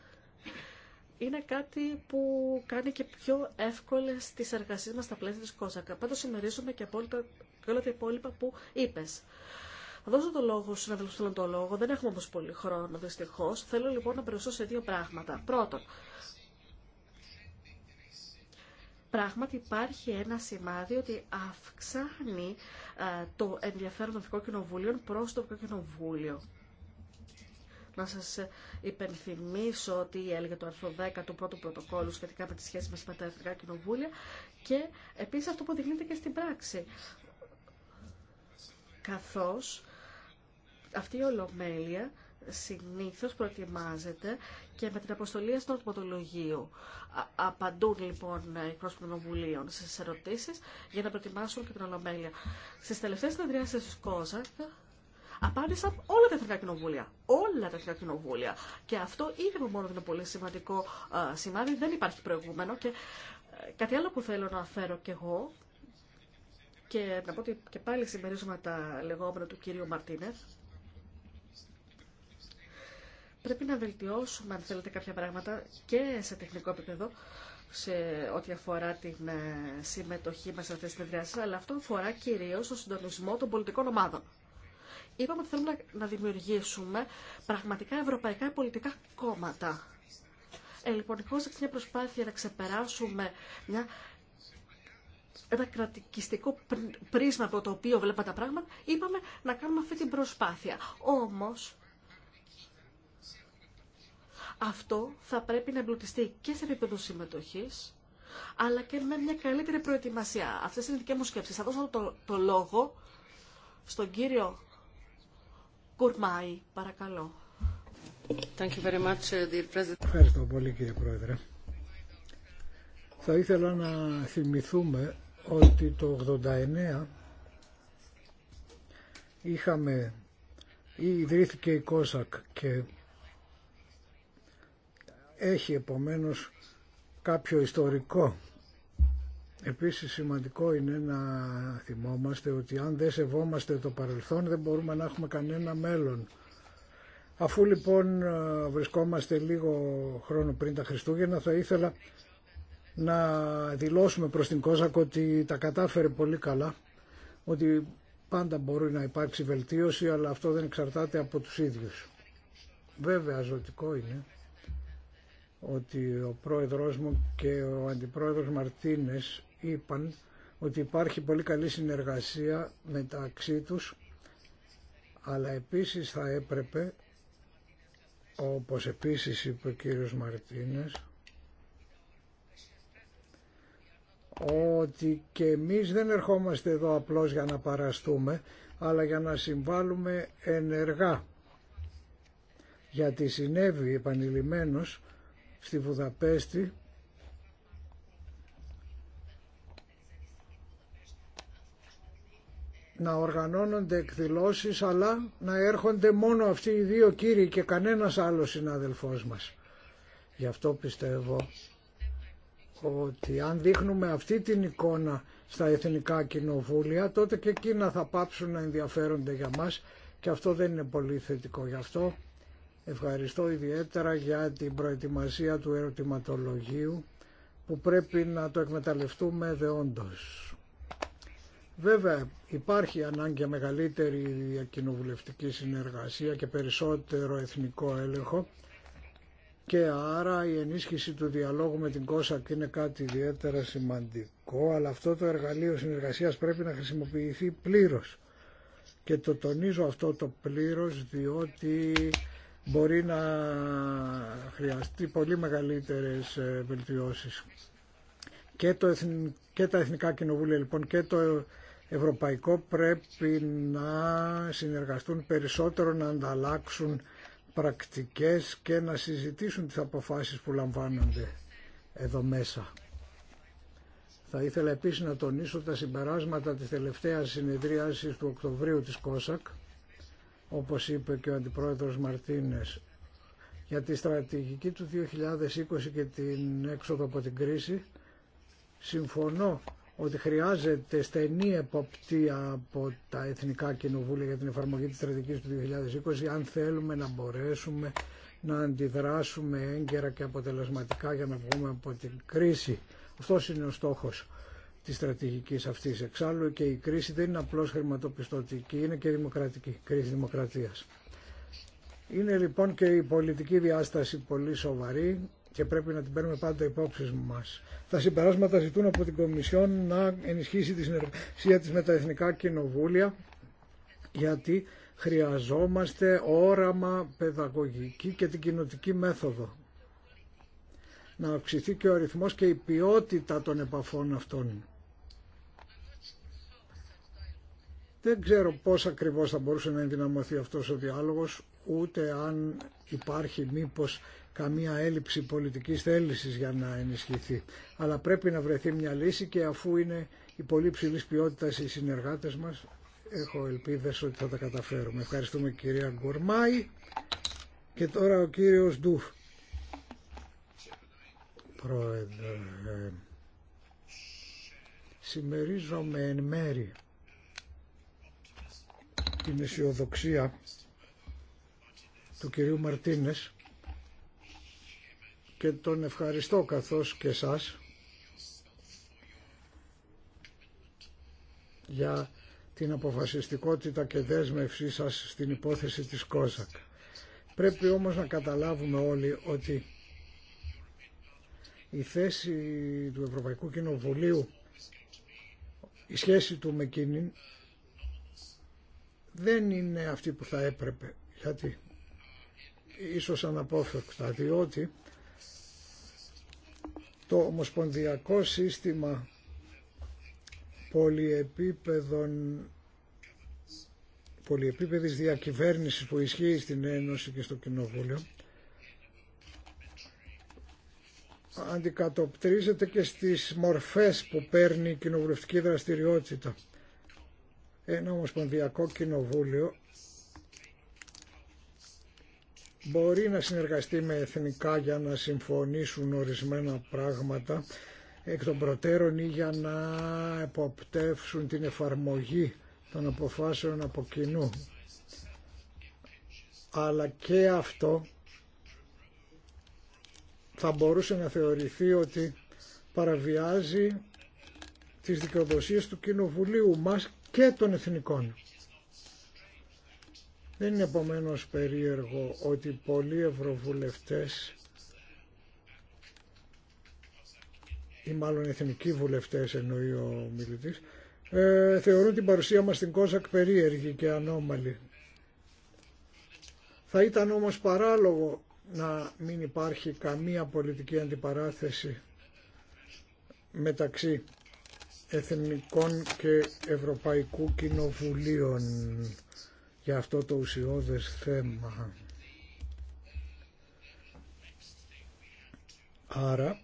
είναι κάτι που κάνει και πιο εύκολες τις εργασίε μας στα πλαίσια της Κόζακα. Πάντως συμμερίζομαι και, απόλυτα, και όλα τα υπόλοιπα που είπες. Θα δώσω το λόγο στου συναδέλφου που το λόγο. Δεν έχουμε όμω πολύ χρόνο, δυστυχώ. Θέλω λοιπόν να περιουσώ σε δύο πράγματα. Πρώτον, πράγματι υπάρχει ένα σημάδι ότι αυξάνει ε, το ενδιαφέρον των Εθνικών Κοινοβουλίων προς το Εθνικό Κοινοβούλιο. Να σας υπενθυμίσω ότι έλεγε το άρθρο 10 του πρώτου πρωτοκόλλου σχετικά με τις σχέσεις μας με τα Εθνικά Κοινοβούλια και επίσης αυτό που δείχνεται και στην πράξη. Καθώς αυτή η ολομέλεια συνήθως προετοιμάζεται και με την αποστολή στον ορθοποτολογείο. Απαντούν λοιπόν οι πρόσωποι των Βουλίων στις ερωτήσεις για να προετοιμάσουν και την Ολομέλεια. Στις τελευταίες συνεδριάσεις της ΚΟΖΑΚ απάντησαν όλα τα εθνικά κοινοβούλια. Όλα τα εθνικά κοινοβούλια. Και αυτό ήδη από μόνο είναι πολύ σημαντικό σημάδι. Δεν υπάρχει προηγούμενο. Και ε, κάτι άλλο που θέλω να φέρω κι εγώ και να πω ότι και πάλι συμμερίζομαι τα λεγόμενα του κύριου Μαρτίνεθ, πρέπει να βελτιώσουμε, αν θέλετε, κάποια πράγματα και σε τεχνικό επίπεδο, σε ό,τι αφορά την ε, συμμετοχή μας σε αυτές τις συνεδριάσεις, αλλά αυτό αφορά κυρίως τον συντονισμό των πολιτικών ομάδων. Είπαμε ότι θέλουμε να δημιουργήσουμε πραγματικά ευρωπαϊκά πολιτικά κόμματα. Ε, λοιπόν, μια προσπάθεια να ξεπεράσουμε μια ένα κρατικιστικό πρίσμα από το οποίο βλέπαμε τα πράγματα, είπαμε να κάνουμε αυτή την προσπάθεια. Όμως, αυτό θα πρέπει να εμπλουτιστεί και σε επίπεδο συμμετοχή, αλλά και με μια καλύτερη προετοιμασία. Αυτές είναι οι δικέ μου σκέψεις. Θα δώσω το, λόγο στον κύριο Κουρμάη, παρακαλώ. Thank you very much, uh, President. Ευχαριστώ πολύ κύριε Πρόεδρε. Θα ήθελα να θυμηθούμε ότι το 89 είχαμε ή ιδρύθηκε η ΚΟΣΑΚ και έχει επομένως κάποιο ιστορικό. Επίσης σημαντικό είναι να θυμόμαστε ότι αν δεν σεβόμαστε το παρελθόν δεν μπορούμε να έχουμε κανένα μέλλον. Αφού λοιπόν βρισκόμαστε λίγο χρόνο πριν τα Χριστούγεννα θα ήθελα να δηλώσουμε προς την Κόζακ ότι τα κατάφερε πολύ καλά, ότι πάντα μπορεί να υπάρξει βελτίωση αλλά αυτό δεν εξαρτάται από τους ίδιους. Βέβαια ζωτικό είναι ότι ο πρόεδρος μου και ο αντιπρόεδρος Μαρτίνες είπαν ότι υπάρχει πολύ καλή συνεργασία μεταξύ τους αλλά επίσης θα έπρεπε όπως επίσης είπε ο κύριος Μαρτίνες ότι και εμείς δεν ερχόμαστε εδώ απλώς για να παραστούμε αλλά για να συμβάλλουμε ενεργά γιατί συνέβη επανειλημμένος στη Βουδαπέστη να οργανώνονται εκδηλώσεις αλλά να έρχονται μόνο αυτοί οι δύο κύριοι και κανένας άλλος συνάδελφός μας. Γι' αυτό πιστεύω ότι αν δείχνουμε αυτή την εικόνα στα εθνικά κοινοβούλια τότε και εκείνα θα πάψουν να ενδιαφέρονται για μας και αυτό δεν είναι πολύ θετικό. Γι' αυτό Ευχαριστώ ιδιαίτερα για την προετοιμασία του ερωτηματολογίου που πρέπει να το εκμεταλλευτούμε δεόντως. Βέβαια υπάρχει ανάγκη μεγαλύτερη διακοινοβουλευτική συνεργασία και περισσότερο εθνικό έλεγχο και άρα η ενίσχυση του διαλόγου με την ΚΟΣΑΚ είναι κάτι ιδιαίτερα σημαντικό αλλά αυτό το εργαλείο συνεργασίας πρέπει να χρησιμοποιηθεί πλήρως και το τονίζω αυτό το πλήρως διότι μπορεί να χρειαστεί πολύ μεγαλύτερες ε, βελτιώσεις. Και, το και τα Εθνικά Κοινοβούλια λοιπόν και το Ευρωπαϊκό πρέπει να συνεργαστούν περισσότερο, να ανταλλάξουν πρακτικές και να συζητήσουν τις αποφάσεις που λαμβάνονται εδώ μέσα. Θα ήθελα επίσης να τονίσω τα συμπεράσματα της τελευταίας συνεδρίασης του Οκτωβρίου της ΚΟΣΑΚ όπως είπε και ο Αντιπρόεδρος Μαρτίνες, για τη στρατηγική του 2020 και την έξοδο από την κρίση, συμφωνώ ότι χρειάζεται στενή εποπτεία από τα Εθνικά Κοινοβούλια για την εφαρμογή της στρατηγικής του 2020, αν θέλουμε να μπορέσουμε να αντιδράσουμε έγκαιρα και αποτελεσματικά για να βγούμε από την κρίση. Αυτός είναι ο στόχος της στρατηγικής αυτής. Εξάλλου και η κρίση δεν είναι απλώς χρηματοπιστωτική, είναι και δημοκρατική, κρίση δημοκρατίας. Είναι λοιπόν και η πολιτική διάσταση πολύ σοβαρή και πρέπει να την παίρνουμε πάντα υπόψη μας. Τα συμπεράσματα ζητούν από την Κομισιόν να ενισχύσει τη συνεργασία της με τα εθνικά κοινοβούλια γιατί χρειαζόμαστε όραμα παιδαγωγική και την κοινοτική μέθοδο. Να αυξηθεί και ο αριθμός και η ποιότητα των επαφών αυτών. Δεν ξέρω πώς ακριβώς θα μπορούσε να ενδυναμωθεί αυτός ο διάλογος, ούτε αν υπάρχει μήπως καμία έλλειψη πολιτικής θέλησης για να ενισχυθεί. Αλλά πρέπει να βρεθεί μια λύση και αφού είναι η πολύ ψηλή ποιότητα οι συνεργάτες μας, έχω ελπίδες ότι θα τα καταφέρουμε. Ευχαριστούμε κυρία Γκορμάη και τώρα ο κύριος Ντούφ. Πρόεδρε, ε, εν μέρη την αισιοδοξία του κυρίου Μαρτίνες και τον ευχαριστώ καθώς και σας για την αποφασιστικότητα και δέσμευσή σας στην υπόθεση της Κόζακ. Πρέπει όμως να καταλάβουμε όλοι ότι η θέση του Ευρωπαϊκού Κοινοβουλίου η σχέση του με εκείνη δεν είναι αυτή που θα έπρεπε. Γιατί ίσως αναπόφευκτα, διότι το ομοσπονδιακό σύστημα πολυεπίπεδων πολυεπίπεδης διακυβέρνησης που ισχύει στην Ένωση και στο Κοινοβούλιο αντικατοπτρίζεται και στις μορφές που παίρνει η κοινοβουλευτική δραστηριότητα ένα ομοσπονδιακό κοινοβούλιο μπορεί να συνεργαστεί με εθνικά για να συμφωνήσουν ορισμένα πράγματα εκ των προτέρων ή για να εποπτεύσουν την εφαρμογή των αποφάσεων από κοινού. Αλλά και αυτό θα μπορούσε να θεωρηθεί ότι παραβιάζει τις δικαιοδοσίες του Κοινοβουλίου μας και των εθνικών. Δεν είναι επομένως περίεργο ότι πολλοί ευρωβουλευτές ή μάλλον εθνικοί βουλευτές εννοεί ο μιλητής ε, θεωρούν την παρουσία μας στην Κόζακ περίεργη και ανώμαλη. Θα ήταν όμως παράλογο να μην υπάρχει καμία πολιτική αντιπαράθεση μεταξύ Εθνικών και Ευρωπαϊκού Κοινοβουλίων για αυτό το ουσιώδες θέμα. Άρα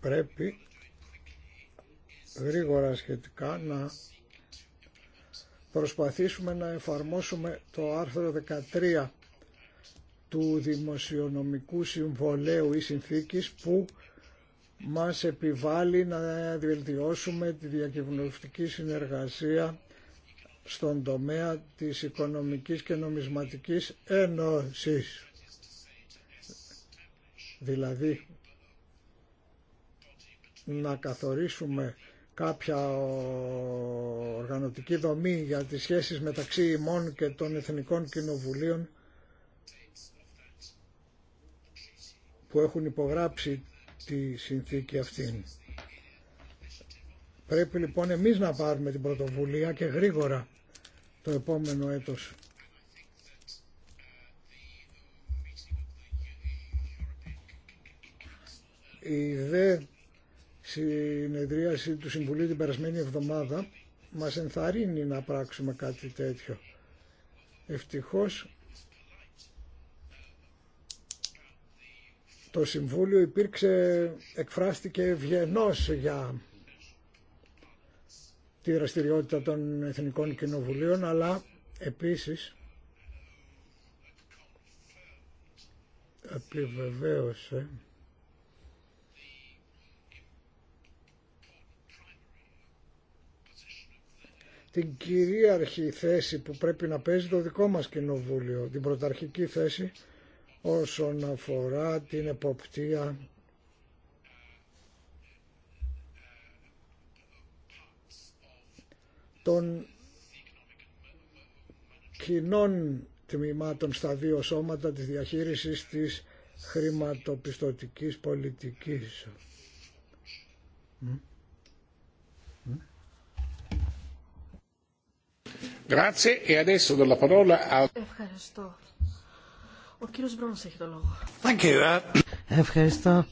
πρέπει γρήγορα σχετικά να προσπαθήσουμε να εφαρμόσουμε το άρθρο 13 του Δημοσιονομικού Συμβολέου ή Συνθήκης που μας επιβάλλει να βελτιώσουμε τη διακυβερνητική συνεργασία στον τομέα της Οικονομικής και Νομισματικής Ένωσης. Δηλαδή, να καθορίσουμε κάποια οργανωτική δομή για τις σχέσεις μεταξύ ημών και των Εθνικών Κοινοβουλίων που έχουν υπογράψει τη συνθήκη αυτή. Πρέπει λοιπόν εμείς να πάρουμε την πρωτοβουλία και γρήγορα το επόμενο έτος. Η δε συνεδρίαση του Συμβουλίου την περασμένη εβδομάδα μας ενθαρρύνει να πράξουμε κάτι τέτοιο. Ευτυχώς Το Συμβούλιο υπήρξε, εκφράστηκε ευγενός για τη δραστηριότητα των Εθνικών Κοινοβουλίων, αλλά επίσης επιβεβαίωσε την κυρίαρχη θέση που πρέπει να παίζει το δικό μας κοινοβούλιο, την πρωταρχική θέση όσον αφορά την εποπτεία των κοινών τμήματων στα δύο σώματα της διαχείρισης της χρηματοπιστωτικής πολιτικής. E Ευχαριστώ. Ο κύριος Μπρόνος έχει το λόγο. Uh, Ευχαριστώ.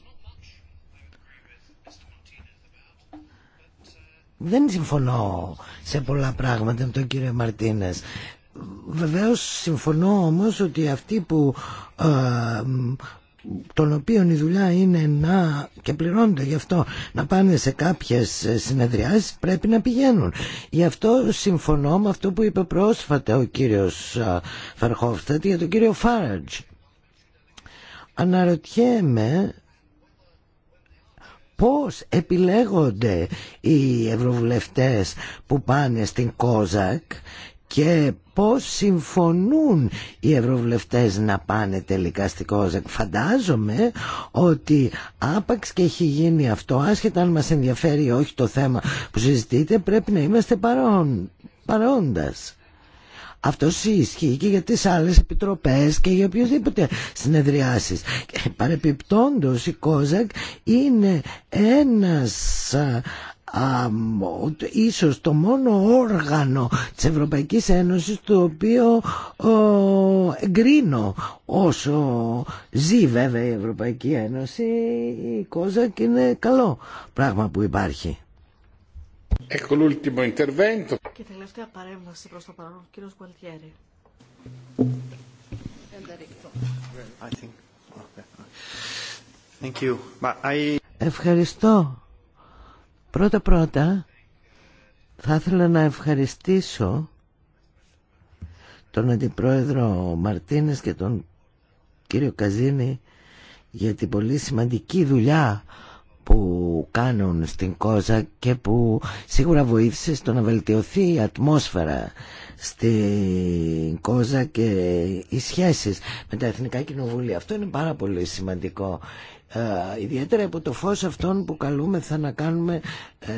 Δεν συμφωνώ σε πολλά πράγματα με τον κύριο Μαρτίνες. Βεβαίως συμφωνώ όμως ότι αυτοί που ε, των οποίων η δουλειά είναι να και πληρώνονται γι' αυτό να πάνε σε κάποιες ε, συνεδριάσεις πρέπει να πηγαίνουν γι' αυτό συμφωνώ με αυτό που είπε πρόσφατα ο κύριος Φαρχόφστατ για τον κύριο Φάρατζ αναρωτιέμαι πώς επιλέγονται οι ευρωβουλευτές που πάνε στην Κόζακ και πώς συμφωνούν οι ευρωβουλευτές να πάνε τελικά στη ΚΟΖΕΚ. Φαντάζομαι ότι άπαξ και έχει γίνει αυτό, άσχετα αν μας ενδιαφέρει όχι το θέμα που συζητείτε, πρέπει να είμαστε παρόν, παρόντας. Αυτό ισχύει και για τις άλλες επιτροπές και για οποιοδήποτε συνεδριάσεις. Παρεπιπτόντος η ΚΟΖΑΚ είναι ένας ίσως το μόνο όργανο της Ευρωπαϊκής Ένωσης το οποίο εγκρίνω όσο ζει βέβαια η Ευρωπαϊκή Ένωση η και είναι καλό πράγμα που υπάρχει. Ευχαριστώ. Πρώτα-πρώτα θα ήθελα να ευχαριστήσω τον Αντιπρόεδρο Μαρτίνες και τον κύριο Καζίνη για την πολύ σημαντική δουλειά που κάνουν στην Κόζα και που σίγουρα βοήθησε στο να βελτιωθεί η ατμόσφαιρα στην Κόζα και οι σχέσεις με τα Εθνικά Κοινοβούλια. Αυτό είναι πάρα πολύ σημαντικό. Ε, ιδιαίτερα από το φως αυτών που καλούμε θα να κάνουμε ε,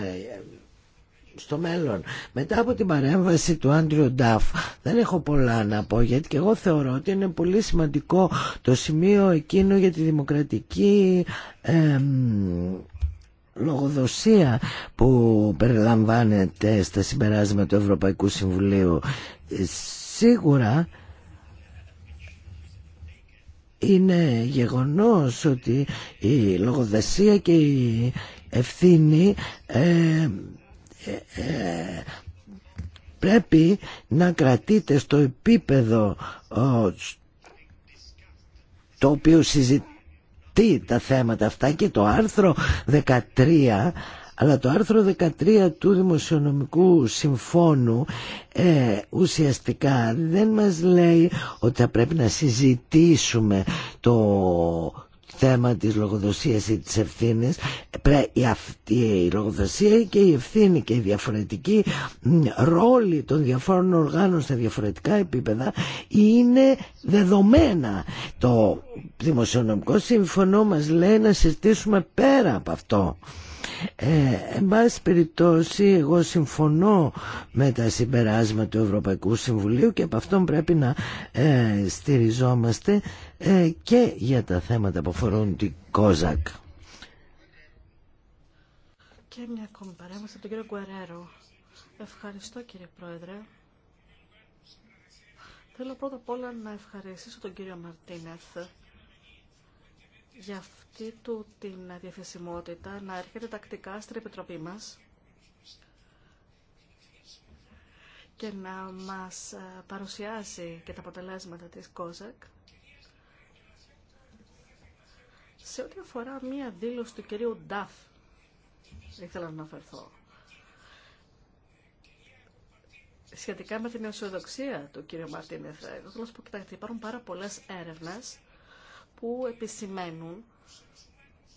στο μέλλον. Μετά από την παρέμβαση του Άντριου Νταφ δεν έχω πολλά να πω γιατί και εγώ θεωρώ ότι είναι πολύ σημαντικό το σημείο εκείνο για τη δημοκρατική λογοδοσία που περιλαμβάνεται στα συμπεράσματα του Ευρωπαϊκού Συμβουλίου. Ε, σίγουρα είναι γεγονός ότι η λογοδεσία και η ευθύνη ε, ε, ε, πρέπει να κρατείται στο επίπεδο το οποίο συζητεί τα θέματα αυτά και το άρθρο 13 αλλά το άρθρο 13 του Δημοσιονομικού Συμφώνου ε, ουσιαστικά δεν μας λέει ότι θα πρέπει να συζητήσουμε το θέμα της λογοδοσίας ή της ευθύνης η, αυτή, η λογοδοσία και η ευθύνη και η διαφορετική ρόλη των διαφόρων οργάνων στα διαφορετικά επίπεδα είναι δεδομένα το δημοσιονομικό σύμφωνο μας λέει να συζητήσουμε πέρα από αυτό ε, εν πάση περιπτώσει εγώ συμφωνώ με τα συμπεράσματα του Ευρωπαϊκού Συμβουλίου και από αυτόν πρέπει να ε, στηριζόμαστε ε, και για τα θέματα που αφορούν την ΚΟΖΑΚ. Και μια ακόμη παρέμβαση από τον κύριο Γκουερέρο. Ευχαριστώ κύριε Πρόεδρε. Θέλω πρώτα απ' όλα να ευχαριστήσω τον κύριο Μαρτίνεθ για αυτή του την διαθεσιμότητα να έρχεται τακτικά στην Επιτροπή μας και να μας παρουσιάσει και τα αποτελέσματα της ΚΟΖΑΚ Σε ό,τι αφορά μία δήλωση του κυρίου Νταφ, ήθελα να αναφερθώ. Σχετικά με την αισιοδοξία του κύριου Μαρτίνεθ, θέλω να πω, υπάρχουν πάρα πολλές έρευνες που επισημαίνουν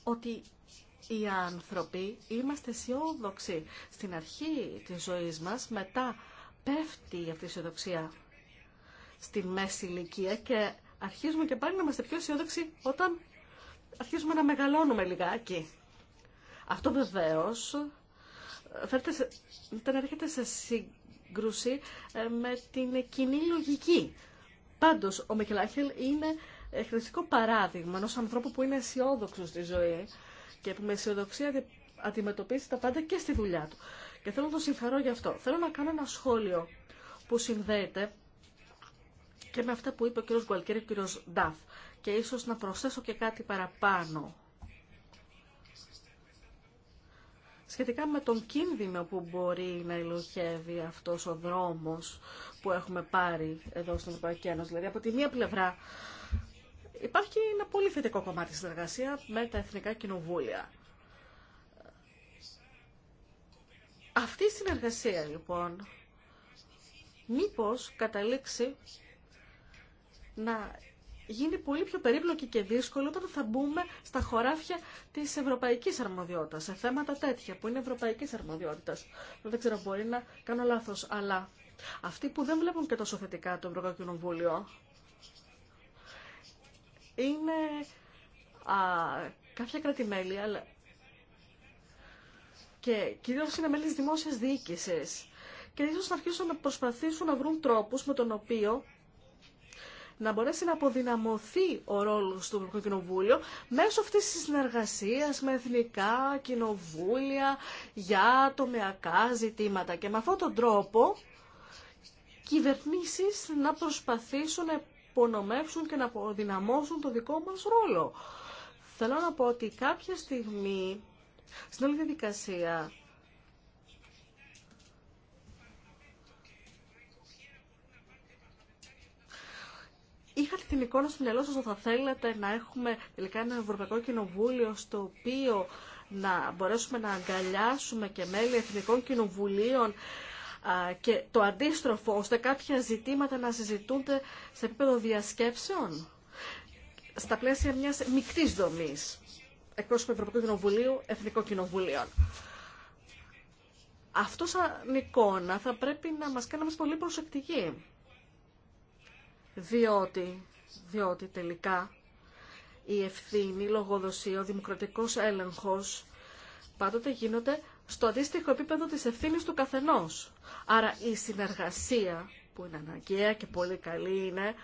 ότι οι άνθρωποι είμαστε αισιόδοξοι στην αρχή της ζωής μας, μετά πέφτει αυτή η αισιοδοξία στη μέση ηλικία και αρχίζουμε και πάλι να είμαστε πιο αισιόδοξοι όταν αρχίζουμε να μεγαλώνουμε λιγάκι. Αυτό βεβαίω φέρτε δεν έρχεται σε σύγκρουση ε, με την κοινή λογική. Πάντως, ο Μικελάχελ είναι χρηστικό παράδειγμα ενό ανθρώπου που είναι αισιόδοξο στη ζωή και που με αισιοδοξία αντιμετωπίζει τα πάντα και στη δουλειά του. Και θέλω να το συγχαρώ γι' αυτό. Θέλω να κάνω ένα σχόλιο που συνδέεται και με αυτά που είπε ο κ. Γκουαλκέρη και ο κ. Νταφ και ίσως να προσθέσω και κάτι παραπάνω. Σχετικά με τον κίνδυνο που μπορεί να υλοχεύει αυτός ο δρόμος που έχουμε πάρει εδώ στον Ευρωπαϊκή Ένωση. Δηλαδή, από τη μία πλευρά υπάρχει ένα πολύ θετικό κομμάτι συνεργασία με τα Εθνικά Κοινοβούλια. Αυτή η συνεργασία, λοιπόν, μήπως καταλήξει να γίνει πολύ πιο περίπλοκη και δύσκολη όταν θα μπούμε στα χωράφια τη ευρωπαϊκή αρμοδιότητα, σε θέματα τέτοια που είναι ευρωπαϊκή αρμοδιότητα. Δεν ξέρω, μπορεί να κάνω λάθο, αλλά αυτοί που δεν βλέπουν και τόσο θετικά το Ευρωπαϊκό Κοινοβούλιο είναι α, κάποια κρατημέλη, αλλά και κυρίως είναι μέλη της δημόσιας διοίκησης. Και ίσως να αρχίσουν να προσπαθήσουν να βρουν τρόπους με τον οποίο να μπορέσει να αποδυναμωθεί ο ρόλος του Ευρωπαϊκού Κοινοβούλιο μέσω αυτής της συνεργασίας με εθνικά κοινοβούλια για τομεακά ζητήματα. Και με αυτόν τον τρόπο κυβερνήσει να προσπαθήσουν να υπονομεύσουν και να αποδυναμώσουν το δικό μας ρόλο. Θέλω να πω ότι κάποια στιγμή στην όλη διαδικασία Είχατε την εικόνα στο μυαλό σας ότι θα θέλατε να έχουμε τελικά ένα Ευρωπαϊκό Κοινοβούλιο στο οποίο να μπορέσουμε να αγκαλιάσουμε και μέλη εθνικών κοινοβουλίων και το αντίστροφο, ώστε κάποια ζητήματα να συζητούνται σε επίπεδο διασκέψεων στα πλαίσια μιας μικτής δομής εκπρόσωπο Ευρωπαϊκού Κοινοβουλίου, Εθνικών Κοινοβουλίων. Αυτό σαν εικόνα θα πρέπει να μας κάνει να είμαστε πολύ προσεκτικοί διότι, διότι τελικά η ευθύνη, η λογοδοσία, ο δημοκρατικός έλεγχος πάντοτε γίνονται στο αντίστοιχο επίπεδο της ευθύνης του καθενός. Άρα η συνεργασία που είναι αναγκαία και πολύ καλή είναι,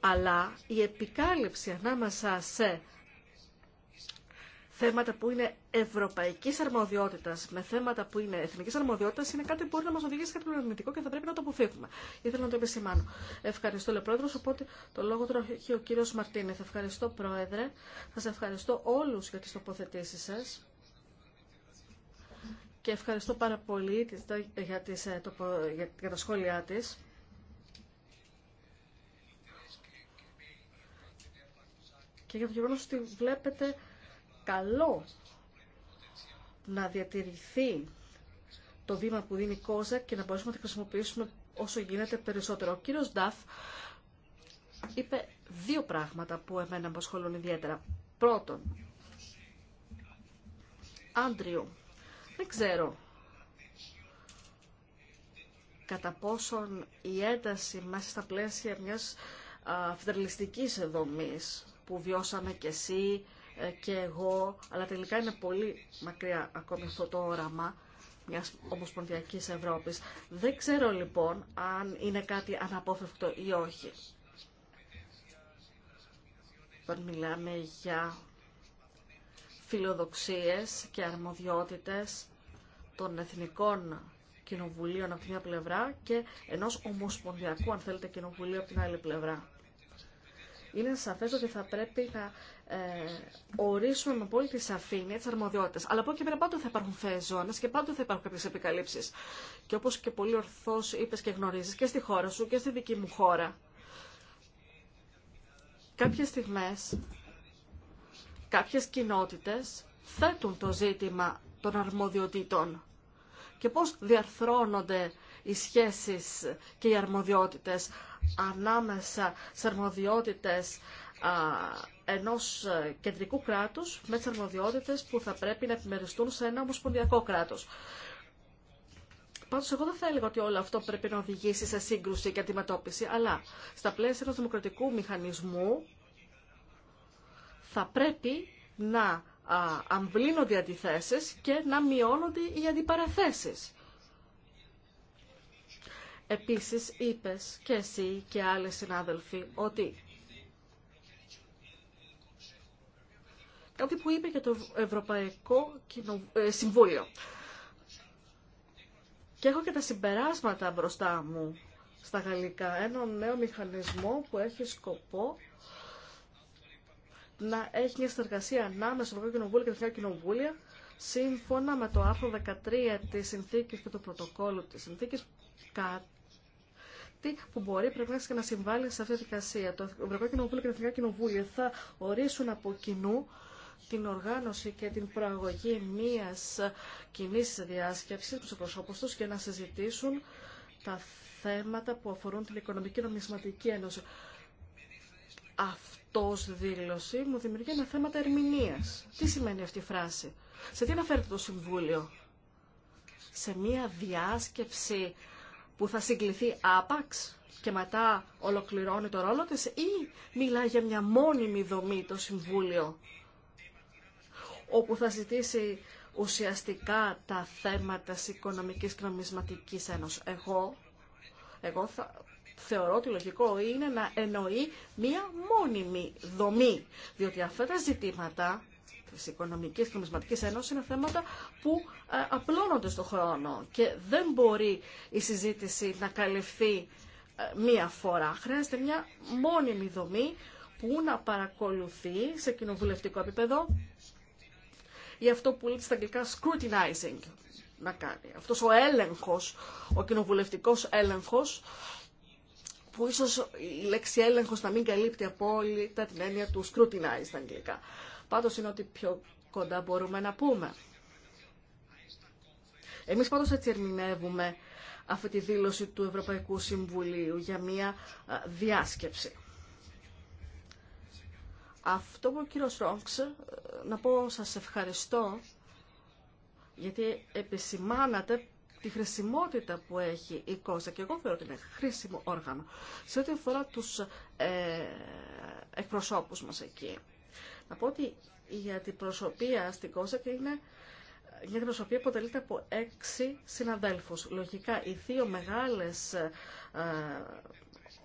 αλλά η επικάλυψη ανάμεσα σε θέματα που είναι ευρωπαϊκή αρμοδιότητα με θέματα που είναι εθνική αρμοδιότητα είναι κάτι που μπορεί να μα οδηγήσει σε κάτι προβληματικό και θα πρέπει να το αποφύγουμε. Ήθελα να το επισημάνω. Ευχαριστώ, Λε Λεπρόεδρο. Οπότε το λόγο τώρα έχει ο κύριο Θα Ευχαριστώ, Πρόεδρε. Θα Σα ευχαριστώ όλου για τι τοποθετήσει σα. Και ευχαριστώ πάρα πολύ για, τις, ε, για τα σχόλιά της. Και για το γεγονό ότι βλέπετε καλό να διατηρηθεί το βήμα που δίνει η Κόζα και να μπορέσουμε να τη χρησιμοποιήσουμε όσο γίνεται περισσότερο. Ο κύριος Νταφ είπε δύο πράγματα που εμένα με ασχολούν ιδιαίτερα. Πρώτον, Άντριου, δεν ξέρω κατά πόσον η ένταση μέσα στα πλαίσια μιας φιντερλιστικής δομής που βιώσαμε και εσύ ε, και εγώ, αλλά τελικά είναι πολύ μακριά ακόμη αυτό το όραμα μιας ομοσπονδιακής Ευρώπης. Δεν ξέρω λοιπόν αν είναι κάτι αναπόφευκτο ή όχι. Όταν μιλάμε για φιλοδοξίες και αρμοδιότητες των εθνικών κοινοβουλίων από τη μια πλευρά και ενός ομοσπονδιακού, αν θέλετε, κοινοβουλίου από την άλλη πλευρά. Είναι σαφές ότι θα πρέπει να ε, ορίσουμε με απόλυτη σαφήνεια τι αρμοδιότητε. Αλλά από εκεί πέρα πάντοτε θα υπάρχουν θέε ζώνε και πάντοτε θα υπάρχουν κάποιε επικαλύψει. Και όπω και πολύ ορθώ είπε και γνωρίζει και στη χώρα σου και στη δική μου χώρα, κάποιε στιγμέ, κάποιε κοινότητε θέτουν το ζήτημα των αρμοδιοτήτων και πώς διαρθρώνονται οι σχέσεις και οι αρμοδιότητες ανάμεσα σε αρμοδιότητες Ενό ε, κεντρικού κράτου με τι αρμοδιότητε που θα πρέπει να επιμεριστούν σε ένα ομοσπονδιακό κράτο. Πάντως εγώ δεν θα έλεγα ότι όλο αυτό πρέπει να οδηγήσει σε σύγκρουση και αντιμετώπιση, αλλά στα πλαίσια ενό δημοκρατικού μηχανισμού θα πρέπει να αμβλύνονται οι αντιθέσει και να μειώνονται οι αντιπαραθέσει. Επίσης είπες και εσύ και άλλοι συνάδελφοι ότι κάτι που είπε και το Ευρωπαϊκό ε, Συμβούλιο. Και έχω και τα συμπεράσματα μπροστά μου στα γαλλικά. Ένα νέο μηχανισμό που έχει σκοπό να έχει μια συνεργασία ανάμεσα στο Ευρωπαϊκό Κοινοβούλιο και Εθνικά Κοινοβούλια σύμφωνα με το άρθρο 13 της συνθήκης και το πρωτοκόλλου της συνθήκης κάτι που μπορεί πρέπει να συμβάλλει σε αυτή τη δικασία. Το Ευρωπαϊκό Κοινοβούλιο και τα Εθνικά Κοινοβούλια θα ορίσουν από κοινού την οργάνωση και την προαγωγή μίας κοινή διάσκεψης του εκπροσώπους τους και να συζητήσουν τα θέματα που αφορούν την Οικονομική Νομισματική Ένωση. Αυτός δήλωση μου δημιουργεί ένα θέμα ερμηνείας. Τι σημαίνει αυτή η φράση. Σε τι αναφέρεται το Συμβούλιο. Σε μία διάσκεψη που θα συγκληθεί άπαξ και μετά ολοκληρώνει το ρόλο της ή μιλάει για μια μόνιμη δομή το Συμβούλιο όπου θα ζητήσει ουσιαστικά τα θέματα της Οικονομικής και Νομισματικής Ένωσης. Εγώ, εγώ θα, θεωρώ ότι λογικό είναι να εννοεί μία μόνιμη δομή, διότι αυτά τα ζητήματα της Οικονομικής και Νομισματικής Ένωσης είναι θέματα που ε, απλώνονται στον χρόνο και δεν μπορεί η συζήτηση να καλυφθεί ε, μία φορά. Χρειάζεται μία μόνιμη δομή που να παρακολουθεί σε κοινοβουλευτικό επίπεδο ή αυτό που λέτε στα αγγλικά scrutinizing να κάνει. Αυτός ο έλεγχος, ο κοινοβουλευτικός έλεγχος, που ίσως η λέξη έλεγχος να μην καλύπτει απόλυτα την έννοια του scrutinize στα αγγλικά. Πάντως είναι ότι πιο κοντά μπορούμε να πούμε. Εμείς πάντως έτσι ερμηνεύουμε αυτή τη δήλωση του Ευρωπαϊκού Συμβουλίου για μια διάσκεψη. Αυτό που ο κύριος Ρόξ, ε, να πω σας ευχαριστώ, γιατί επισημάνατε τη χρησιμότητα που έχει η κόσα και εγώ θεωρώ ότι είναι χρήσιμο όργανο σε ό,τι αφορά τους ε, εκπροσώπους μας εκεί. Να πω ότι η προσωπία στην κόσα και είναι μια αντιπροσωπεία που αποτελείται από έξι συναδέλφους. Λογικά οι δύο μεγάλες ε, ε,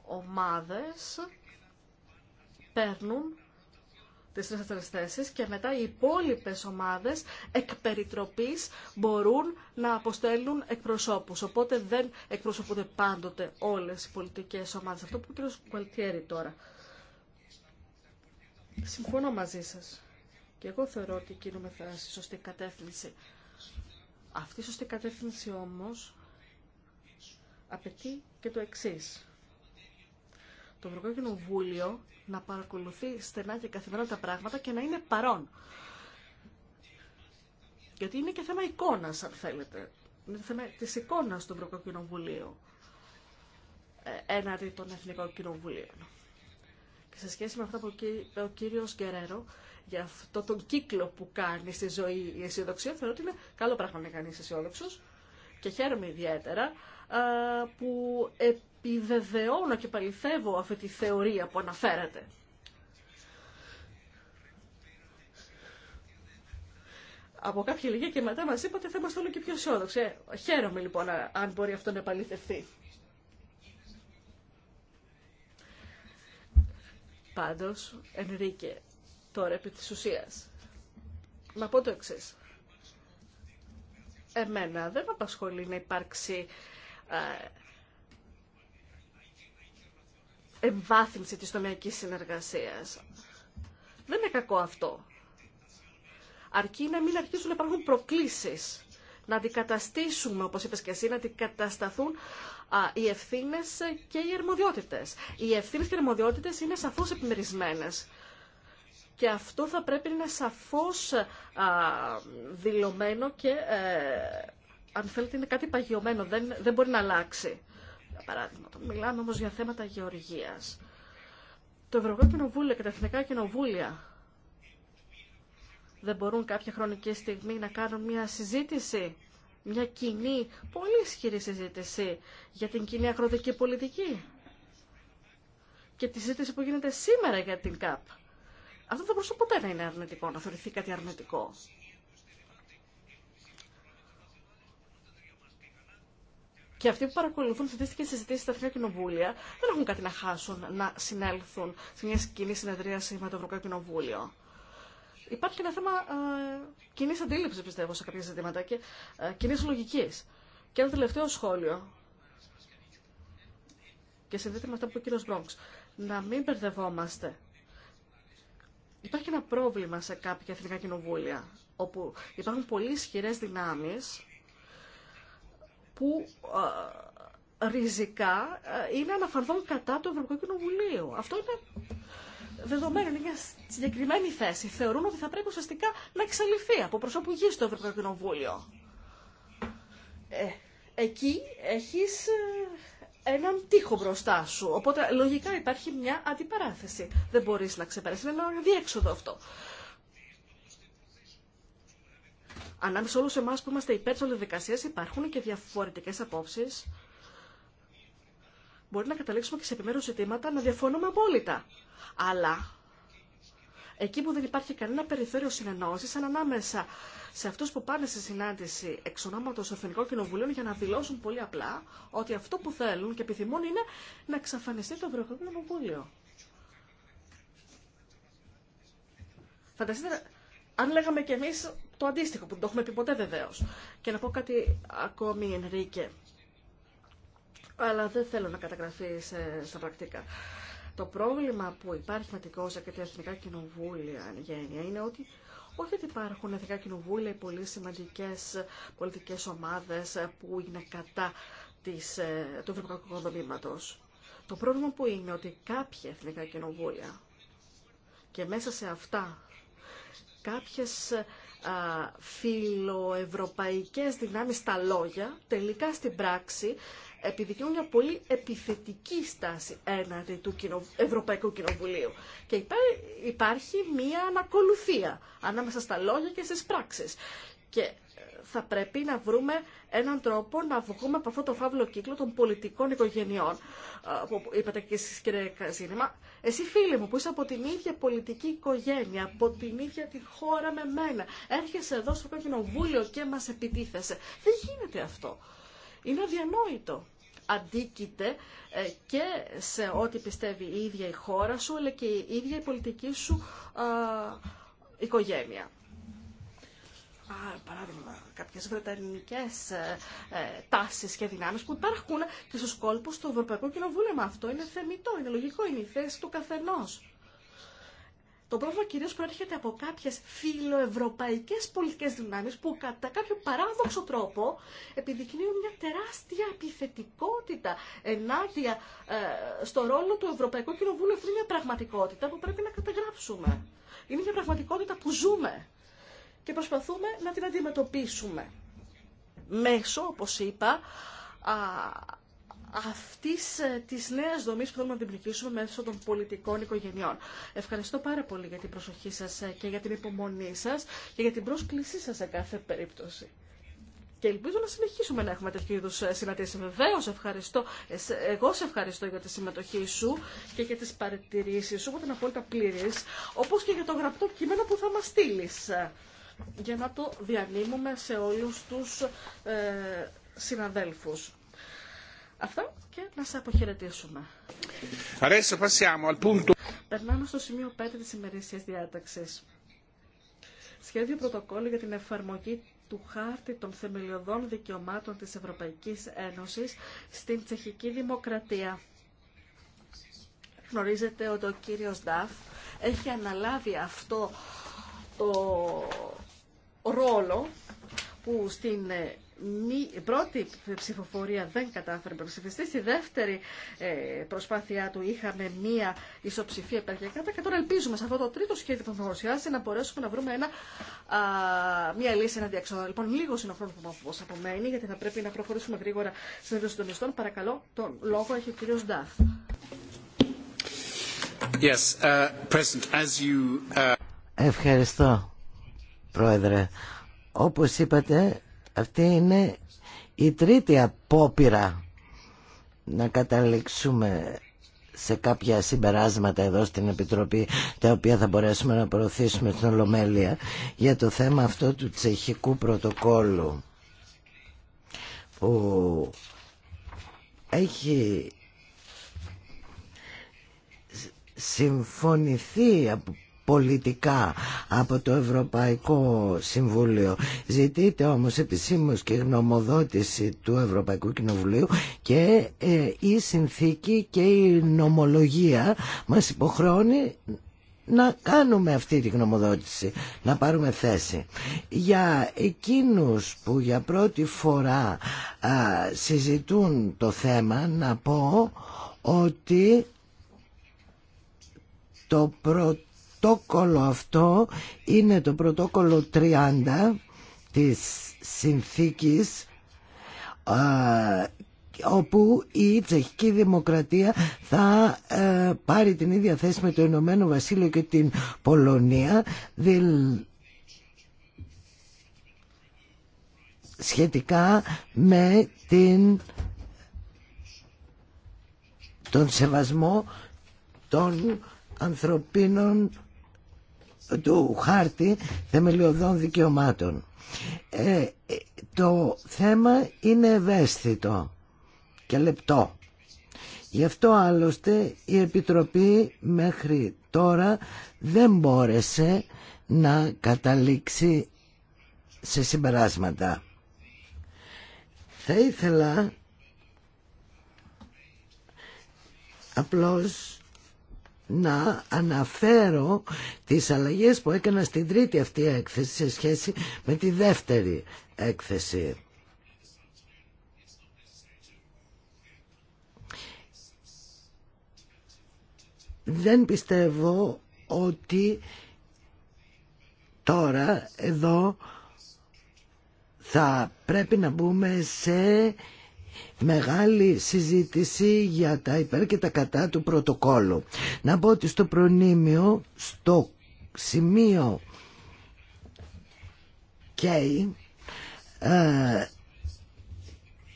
ομάδες παίρνουν τις τρεις αυτές και μετά οι υπόλοιπε ομάδες εκ περιτροπής μπορούν να αποστέλουν εκπροσώπους. Οπότε δεν εκπροσωπούνται πάντοτε όλες οι πολιτικές ομάδες. Αυτό που ο κ. Κουαλτιέρη τώρα. Συμφωνώ μαζί σας. Και εγώ θεωρώ ότι κίνουμε στη σωστή κατεύθυνση. Αυτή η σωστή κατεύθυνση όμως απαιτεί και το εξής το Ευρωπαϊκό Κοινοβούλιο να παρακολουθεί στενά και καθημερινά τα πράγματα και να είναι παρόν. Γιατί είναι και θέμα εικόνα αν θέλετε. Είναι θέμα τη εικόνα του Ευρωπαϊκού Κοινοβουλίου ε, έναντι των Εθνικών Κοινοβουλίων. Και σε σχέση με αυτά που είπε ο κύριος Γκερέρο, για αυτό τον κύκλο που κάνει στη ζωή η αισιοδοξία, θεωρώ ότι είναι καλό πράγμα να είναι κανεί και χαίρομαι ιδιαίτερα ε, που επιβεβαιώνω και παληθεύω αυτή τη θεωρία που αναφέρατε. Από κάποια λίγη και μετά μας είπατε θα είμαστε όλο και πιο αισιόδοξοι. Ε, χαίρομαι λοιπόν αν μπορεί αυτό να επαληθευτεί. Πάντως, Ενρίκε, τώρα επί της ουσίας, να πω το εξή. Εμένα δεν με απασχολεί να υπάρξει ε, εμβάθυνση της τομιακής συνεργασίας. Δεν είναι κακό αυτό. Αρκεί να μην αρχίσουν να υπάρχουν προκλήσεις. Να αντικαταστήσουμε, όπως είπες και εσύ, να αντικατασταθούν οι ευθύνες και οι αρμοδιότητες. Οι ευθύνες και οι αρμοδιότητες είναι σαφώς επιμερισμένες. Και αυτό θα πρέπει να είναι σαφώς δηλωμένο και, ε, αν θέλετε, είναι κάτι παγιωμένο, δεν, δεν μπορεί να αλλάξει για παράδειγμα. Μιλάμε όμως για θέματα γεωργίας. Το Ευρωπαϊκό Κοινοβούλιο και τα Εθνικά Κοινοβούλια δεν μπορούν κάποια χρονική στιγμή να κάνουν μια συζήτηση, μια κοινή, πολύ ισχυρή συζήτηση για την κοινή αγροτική πολιτική και τη συζήτηση που γίνεται σήμερα για την ΚΑΠ. Αυτό δεν μπορούσε ποτέ να είναι αρνητικό, να θεωρηθεί κάτι αρνητικό. Και αυτοί που παρακολουθούν στατιστικές συζητήσει στα Εθνικά Κοινοβούλια δεν έχουν κάτι να χάσουν να συνέλθουν σε μια κοινή συνεδρίαση με το Ευρωπαϊκό Κοινοβούλιο. Υπάρχει ένα θέμα ε, κοινή αντίληψη, πιστεύω, σε κάποια ζητήματα και ε, κοινή λογική. Και ένα τελευταίο σχόλιο. Και συνδέεται με αυτά που είπε ο κ. Μπρόγκ. Να μην μπερδευόμαστε. Υπάρχει ένα πρόβλημα σε κάποια εθνικά κοινοβούλια, όπου υπάρχουν πολύ ισχυρέ δυνάμει που ριζικά είναι αναφαρδόν κατά του Ευρωπαϊκού Κοινοβουλίου. Αυτό είναι δεδομένο, είναι μια συγκεκριμένη θέση. Θεωρούν ότι θα πρέπει ουσιαστικά να εξαλειφθεί από προσώπου γη στο Ευρωπαϊκό Κοινοβούλιο. Ε, εκεί έχεις ε, έναν τείχο μπροστά σου. Οπότε λογικά υπάρχει μια αντιπαράθεση. Δεν μπορείς να ξεπεράσει Είναι ένα διέξοδο αυτό ανάμεσα όλους εμάς που είμαστε υπέρ της ολοδικασίας υπάρχουν και διαφορετικές απόψεις. Μπορεί να καταλήξουμε και σε επιμέρους ζητήματα να διαφωνούμε απόλυτα. Αλλά εκεί που δεν υπάρχει κανένα περιθώριο συνεννόηση, ανάμεσα σε αυτού που πάνε σε συνάντηση εξ ονόματο Εθνικών Κοινοβουλίων για να δηλώσουν πολύ απλά ότι αυτό που θέλουν και επιθυμούν είναι να εξαφανιστεί το Ευρωπαϊκό Κοινοβούλιο. Φανταστείτε, αν λέγαμε κι εμεί το αντίστοιχο, που δεν το έχουμε πει ποτέ βεβαίω. Και να πω κάτι ακόμη, Ενρίκε. Αλλά δεν θέλω να καταγραφεί στα πρακτικά. Το πρόβλημα που υπάρχει με την Κόζα και τα εθνικά κοινοβούλια, αν γένεια, είναι ότι όχι ότι υπάρχουν εθνικά κοινοβούλια ή πολύ σημαντικέ πολιτικέ ομάδε που είναι κατά της, ε, του ευρωπαϊκού οικοδομήματο. Το πρόβλημα που είναι ότι κάποια εθνικά κοινοβούλια και μέσα σε αυτά κάποιες φιλοευρωπαϊκές δυνάμεις στα λόγια, τελικά στην πράξη επιδεικνύουν μια πολύ επιθετική στάση έναντι του Ευρωπαϊκού Κοινοβουλίου. Και υπάρχει μια ανακολουθία ανάμεσα στα λόγια και στις πράξεις. Και θα πρέπει να βρούμε έναν τρόπο να βγούμε από αυτό το φαύλο κύκλο των πολιτικών οικογενειών. Ε, που είπατε και Εσύ φίλε μου που είσαι από την ίδια πολιτική οικογένεια, από την ίδια τη χώρα με μένα, έρχεσαι εδώ στο κοινοβούλιο και μας επιτίθεσαι. Δεν γίνεται αυτό. Είναι αδιανόητο αντίκειται ε, και σε ό,τι πιστεύει η ίδια η χώρα σου, αλλά και η ίδια η πολιτική σου ε, οικογένεια παράδειγμα κάποιες βρετανικές ε, ε, τάσει και δυνάμει που υπάρχουν και στους κόλπους του Ευρωπαϊκού Κοινοβούλου. Μα αυτό είναι θεμητό, είναι λογικό, είναι η θέση του καθενό. Το πρόβλημα κυρίω προέρχεται από κάποιε φιλοευρωπαϊκέ πολιτικέ δυνάμει που κατά κάποιο παράδοξο τρόπο επιδεικνύουν μια τεράστια επιθετικότητα ενάντια ε, στο ρόλο του Ευρωπαϊκού Κοινοβούλου. Αυτή είναι μια πραγματικότητα που πρέπει να καταγράψουμε. Είναι μια πραγματικότητα που ζούμε και προσπαθούμε να την αντιμετωπίσουμε. Μέσω, όπως είπα, α, αυτής ε, της νέας δομής που θέλουμε να δημιουργήσουμε μέσω των πολιτικών οικογενειών. Ευχαριστώ πάρα πολύ για την προσοχή σας ε, και για την υπομονή σας και για την πρόσκλησή σας σε κάθε περίπτωση. Και ελπίζω να συνεχίσουμε να έχουμε τέτοιου είδου ε, συναντήσει. Βεβαίω, ευχαριστώ. Εγώ σε ευχαριστώ για τη συμμετοχή σου και για τι παρατηρήσει σου, που ήταν απόλυτα πλήρε, όπω και για το γραπτό κείμενο που θα μα στείλει για να το διανύμουμε σε όλους τους ε, συναδέλφους. Αυτά και να σε αποχαιρετήσουμε. Περνάμε στο σημείο 5 της ημερήσιας διάταξης. Σχέδιο πρωτοκόλλου για την εφαρμογή του χάρτη των θεμελιωδών δικαιωμάτων της Ευρωπαϊκής Ένωσης στην Τσεχική Δημοκρατία. Γνωρίζετε ότι ο κύριος Νταφ έχει αναλάβει αυτό το ρόλο που στην ε, μη, πρώτη ψηφοφορία δεν κατάφερε να ψηφιστεί. Στη δεύτερη ε, προσπάθειά του είχαμε μία ισοψηφία υπερκεκάτα και τώρα ελπίζουμε σε αυτό το τρίτο σχέδιο που θα παρουσιάσει να μπορέσουμε να βρούμε ένα, α, μία λύση, ένα διαξόδο. Λοιπόν, λίγο είναι ο χρόνο που απομένει, γιατί θα πρέπει να προχωρήσουμε γρήγορα στην ένταση των μισθών. Παρακαλώ, τον λόγο έχει ο κύριο Νταφ. Yes, uh, as you, uh... Ευχαριστώ. Πρόεδρε. Όπως είπατε, αυτή είναι η τρίτη απόπειρα να καταλήξουμε σε κάποια συμπεράσματα εδώ στην Επιτροπή τα οποία θα μπορέσουμε να προωθήσουμε στην Ολομέλεια για το θέμα αυτό του τσεχικού πρωτοκόλλου που έχει συμφωνηθεί από πολιτικά από το Ευρωπαϊκό Συμβούλιο. Ζητείται όμως επισήμως και γνωμοδότηση του Ευρωπαϊκού Κοινοβουλίου και ε, η συνθήκη και η νομολογία μας υποχρεώνει να κάνουμε αυτή τη γνωμοδότηση, να πάρουμε θέση. Για εκείνους που για πρώτη φορά συζητούν το θέμα, να πω ότι το πρώτο πρωτόκολλο αυτό είναι το πρωτόκολλο 30 της συνθήκης όπου η τσεχική δημοκρατία θα ε, πάρει την ίδια θέση με το Ηνωμένο Βασίλειο και την Πολωνία σχετικά με τον σεβασμό των ανθρωπίνων του χάρτη θεμελιωδών δικαιωμάτων. Ε, το θέμα είναι ευαίσθητο και λεπτό. Γι' αυτό άλλωστε η Επιτροπή μέχρι τώρα δεν μπόρεσε να καταλήξει σε συμπεράσματα. Θα ήθελα απλώς να αναφέρω τις αλλαγές που έκανα στην τρίτη αυτή έκθεση σε σχέση με τη δεύτερη έκθεση. Δεν πιστεύω ότι τώρα εδώ θα πρέπει να μπούμε σε μεγάλη συζήτηση για τα υπέρ και τα κατά του πρωτοκόλλου. Να πω ότι στο προνήμιο, στο σημείο και ε,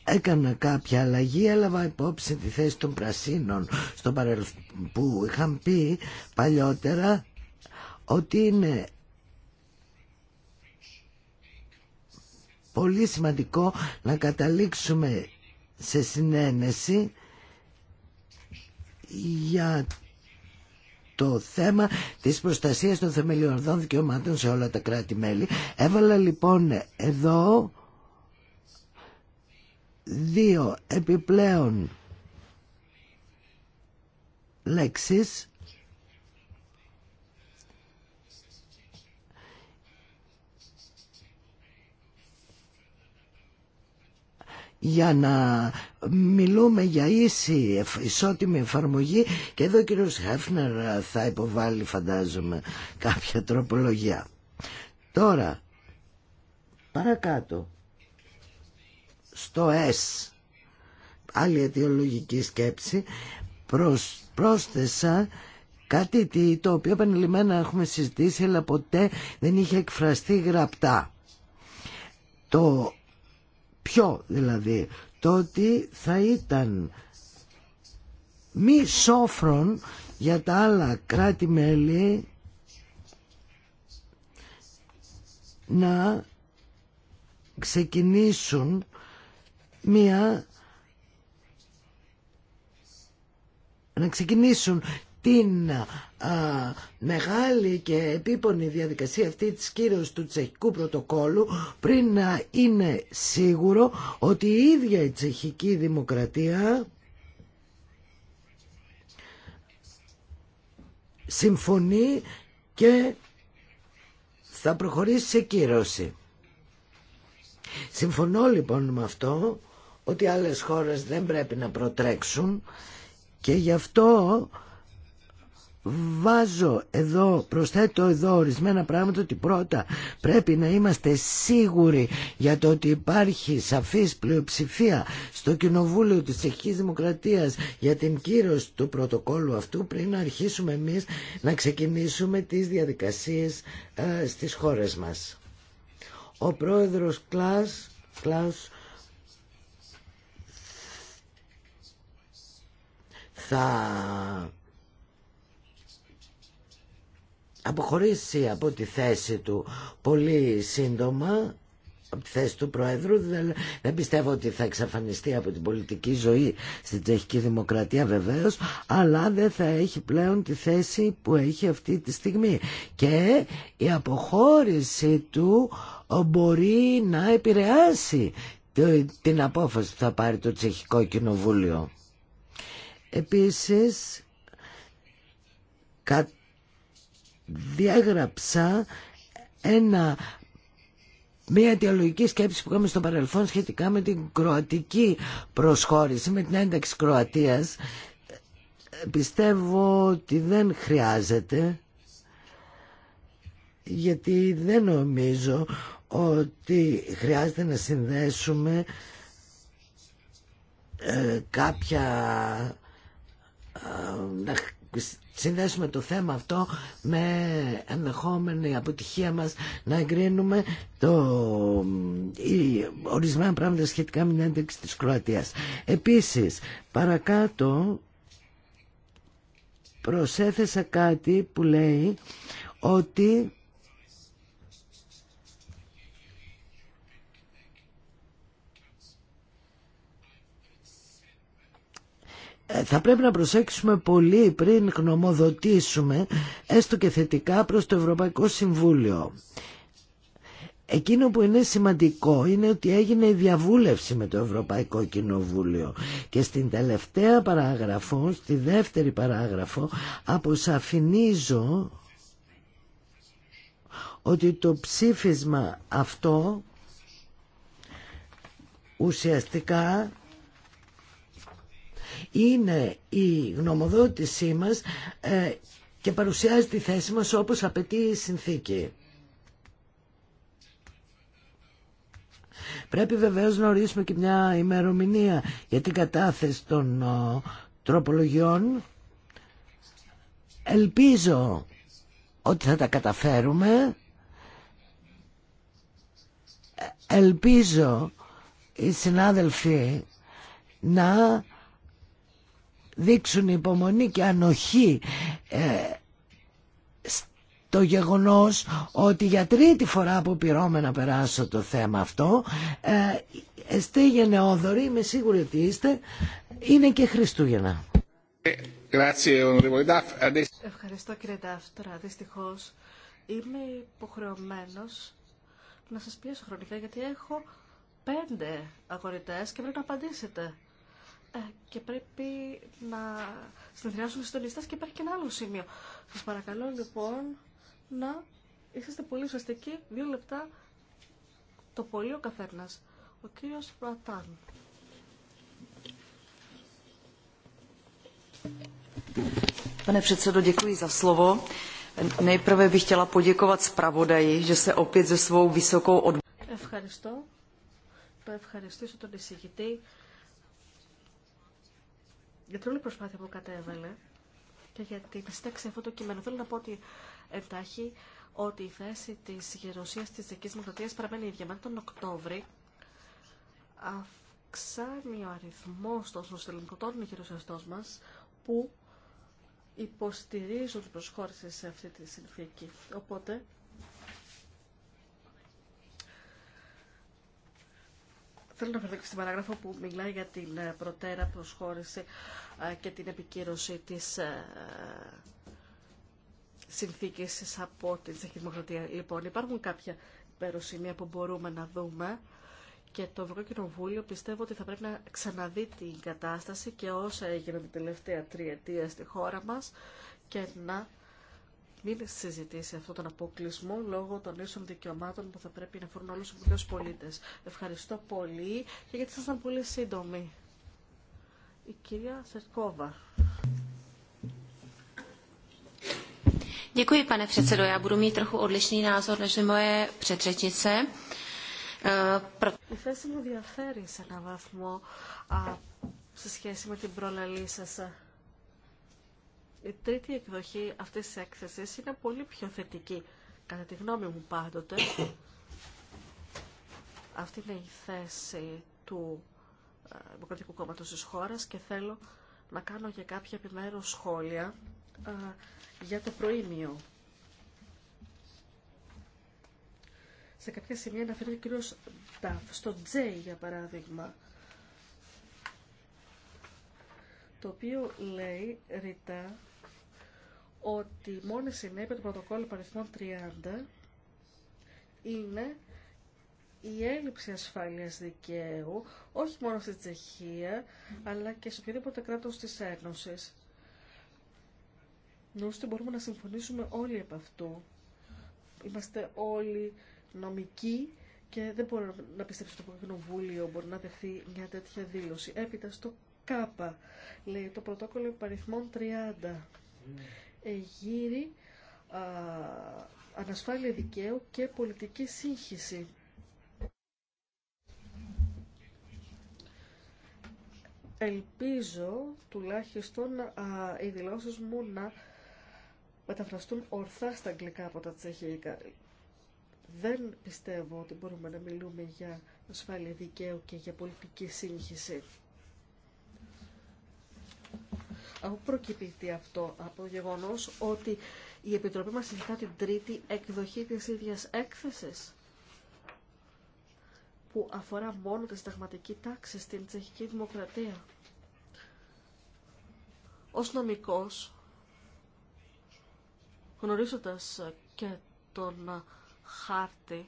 έκανα κάποια αλλαγή, έλαβα υπόψη τη θέση των πρασίνων στο παρελθόν που είχαν πει παλιότερα ότι είναι πολύ σημαντικό να καταλήξουμε σε συνένεση για το θέμα της προστασίας των θεμελιωδών δικαιωμάτων σε όλα τα κράτη-μέλη. Έβαλα λοιπόν εδώ δύο επιπλέον λέξεις για να μιλούμε για ίση, ισότιμη εφαρμογή και εδώ ο κύριος Χέφνερ ε, θα υποβάλει φαντάζομαι κάποια τροπολογία. Τώρα, παρακάτω, στο S, άλλη αιτιολογική σκέψη, προσ, πρόσθεσα κάτι το οποίο επανειλημμένα έχουμε συζητήσει αλλά ποτέ δεν είχε εκφραστεί γραπτά. Το Ποιο δηλαδή, το ότι θα ήταν μη σόφρον για τα άλλα κράτη-μέλη να ξεκινήσουν μια να ξεκινήσουν την μεγάλη και επίπονη διαδικασία αυτή της κύρωσης του τσεχικού πρωτοκόλου πριν να είναι σίγουρο ότι η ίδια η τσεχική δημοκρατία συμφωνεί και θα προχωρήσει σε κύρωση. Συμφωνώ λοιπόν με αυτό ότι άλλες χώρες δεν πρέπει να προτρέξουν και γι' αυτό βάζω εδώ, προσθέτω εδώ ορισμένα πράγματα ότι πρώτα πρέπει να είμαστε σίγουροι για το ότι υπάρχει σαφής πλειοψηφία στο Κοινοβούλιο της Τσεχικής Δημοκρατίας για την κύρωση του πρωτοκόλου αυτού πριν να αρχίσουμε εμείς να ξεκινήσουμε τις διαδικασίες ε, στις χώρες μας. Ο πρόεδρος Κλάς, Κλάς θα αποχωρήσει από τη θέση του πολύ σύντομα από τη θέση του Προέδρου δεν, πιστεύω ότι θα εξαφανιστεί από την πολιτική ζωή στην Τσεχική Δημοκρατία βεβαίως αλλά δεν θα έχει πλέον τη θέση που έχει αυτή τη στιγμή και η αποχώρηση του μπορεί να επηρεάσει την απόφαση που θα πάρει το Τσεχικό Κοινοβούλιο. Επίσης, διάγραψα ένα μια αιτιολογική σκέψη που είχαμε στο παρελθόν σχετικά με την κροατική προσχώρηση, με την ένταξη Κροατίας. Πιστεύω ότι δεν χρειάζεται, γιατί δεν νομίζω ότι χρειάζεται να συνδέσουμε ε, κάποια ε, συνδέσουμε το θέμα αυτό με ενδεχόμενη αποτυχία μας να εγκρίνουμε το, ορισμένα πράγματα σχετικά με την ένταξη της Κροατίας. Επίσης, παρακάτω προσέθεσα κάτι που λέει ότι Ε, θα πρέπει να προσέξουμε πολύ πριν γνωμοδοτήσουμε έστω και θετικά προς το Ευρωπαϊκό Συμβούλιο. Εκείνο που είναι σημαντικό είναι ότι έγινε η διαβούλευση με το Ευρωπαϊκό Κοινοβούλιο και στην τελευταία παράγραφο, στη δεύτερη παράγραφο, αποσαφηνίζω ότι το ψήφισμα αυτό ουσιαστικά είναι η γνωμοδότησή μας ε, και παρουσιάζει τη θέση μας όπως απαιτεί η συνθήκη. Πρέπει βεβαίως να ορίσουμε και μια ημερομηνία για την κατάθεση των ε, τροπολογιών. Ελπίζω ότι θα τα καταφέρουμε. Ε, ελπίζω οι συνάδελφοι να δείξουν υπομονή και ανοχή ε, στο το γεγονός ότι για τρίτη φορά που πειρώμαι να περάσω το θέμα αυτό ε, εστέ γενναιόδοροι, είμαι σίγουρη ότι είστε, είναι και Χριστούγεννα. Ε, Ευχαριστώ κύριε Τώρα δυστυχώς είμαι υποχρεωμένο να σας πιέσω χρονικά γιατί έχω πέντε αγορητές και πρέπει να απαντήσετε. Ε, και πρέπει να συνεδριάσουν οι συντονιστέ και υπάρχει και ένα άλλο σημείο. Σα παρακαλώ λοιπόν να είσαστε πολύ σωστικοί. δύο λεπτά το πολύ ο καθένα. Ο κύριο Πρατάν. Pane předsedo, děkuji za slovo. Nejprve bych chtěla poděkovat Ευχαριστώ. Το ευχαριστήσω τον εισηγητή για την όλη προσπάθεια που κατέβαλε και για την στέξη αυτό το κείμενο. Θέλω να πω ότι εντάχει ότι η θέση της γερουσίας της Δικής Δημοκρατίας παραμένει ίδια. μετά τον Οκτώβρη αυξάνει ο αριθμός των σωστελμικωτών γερουσιαστών μας που υποστηρίζουν την προσχώρηση σε αυτή τη συνθήκη. Οπότε Θέλω να αναφερθώ και στην παράγραφο που μιλάει για την ε, προτέρα προσχώρηση ε, και την επικύρωση της ε, συνθήκης από την Λοιπόν, υπάρχουν κάποια υπεροσημεία που μπορούμε να δούμε και το Ευρωπαϊκό Κοινοβούλιο πιστεύω ότι θα πρέπει να ξαναδεί την κατάσταση και όσα έγιναν την τελευταία τριετία στη χώρα μας και να μην συζητήσει αυτόν τον αποκλεισμό λόγω των ίσων δικαιωμάτων που θα πρέπει να φέρουν όλου του πολίτες. πολίτε. Ευχαριστώ πολύ και γιατί ήσασταν πολύ σύντομοι. Η κυρία Σερκόβα. Děkuji, pane předsedo. Já budu mít trochu odlišný názor než moje předřečnice. Eh, Η θέση μου διαφέρει σε έναν βαθμό σε σχέση με την προλαλή σας. Η τρίτη εκδοχή αυτή τη έκθεσης είναι πολύ πιο θετική, κατά τη γνώμη μου πάντοτε. Αυτή είναι η θέση του ε, Δημοκρατικού κόμματο τη χώρας και θέλω να κάνω και κάποια επιμέρους σχόλια ε, για το προήμιο. Σε κάποια σημεία αναφέρεται ο κύριο Νταφ, στο Τζέι για παράδειγμα, το οποίο λέει ρητά ότι η μόνη συνέπεια του πρωτοκόλλου παριθμών 30 είναι η έλλειψη ασφάλειας δικαίου, όχι μόνο στη Τσεχία, αλλά και σε οποιοδήποτε κράτο τη Ένωση. Νομίζω ότι μπορούμε να συμφωνήσουμε όλοι από αυτού. Είμαστε όλοι νομικοί και δεν μπορώ να πιστέψω ότι το Κοινοβούλιο μπορεί να δεχθεί μια τέτοια δήλωση. Έπειτα στο ΚΑΠΑ λέει το πρωτόκολλο παριθμών 30 γύρει ανασφάλεια δικαίου και πολιτική σύγχυση. Ελπίζω τουλάχιστον οι δηλώσει μου να μεταφραστούν ορθά στα αγγλικά από τα τσεχικά. Δεν πιστεύω ότι μπορούμε να μιλούμε για ασφάλεια δικαίου και για πολιτική σύγχυση από προκύπτει αυτό από το γεγονός ότι η Επιτροπή μας συζητά την τρίτη εκδοχή της ίδιας έκθεσης που αφορά μόνο τη συνταγματική τάξη στην τσεχική δημοκρατία. Ω νομικός, γνωρίζοντας και τον χάρτη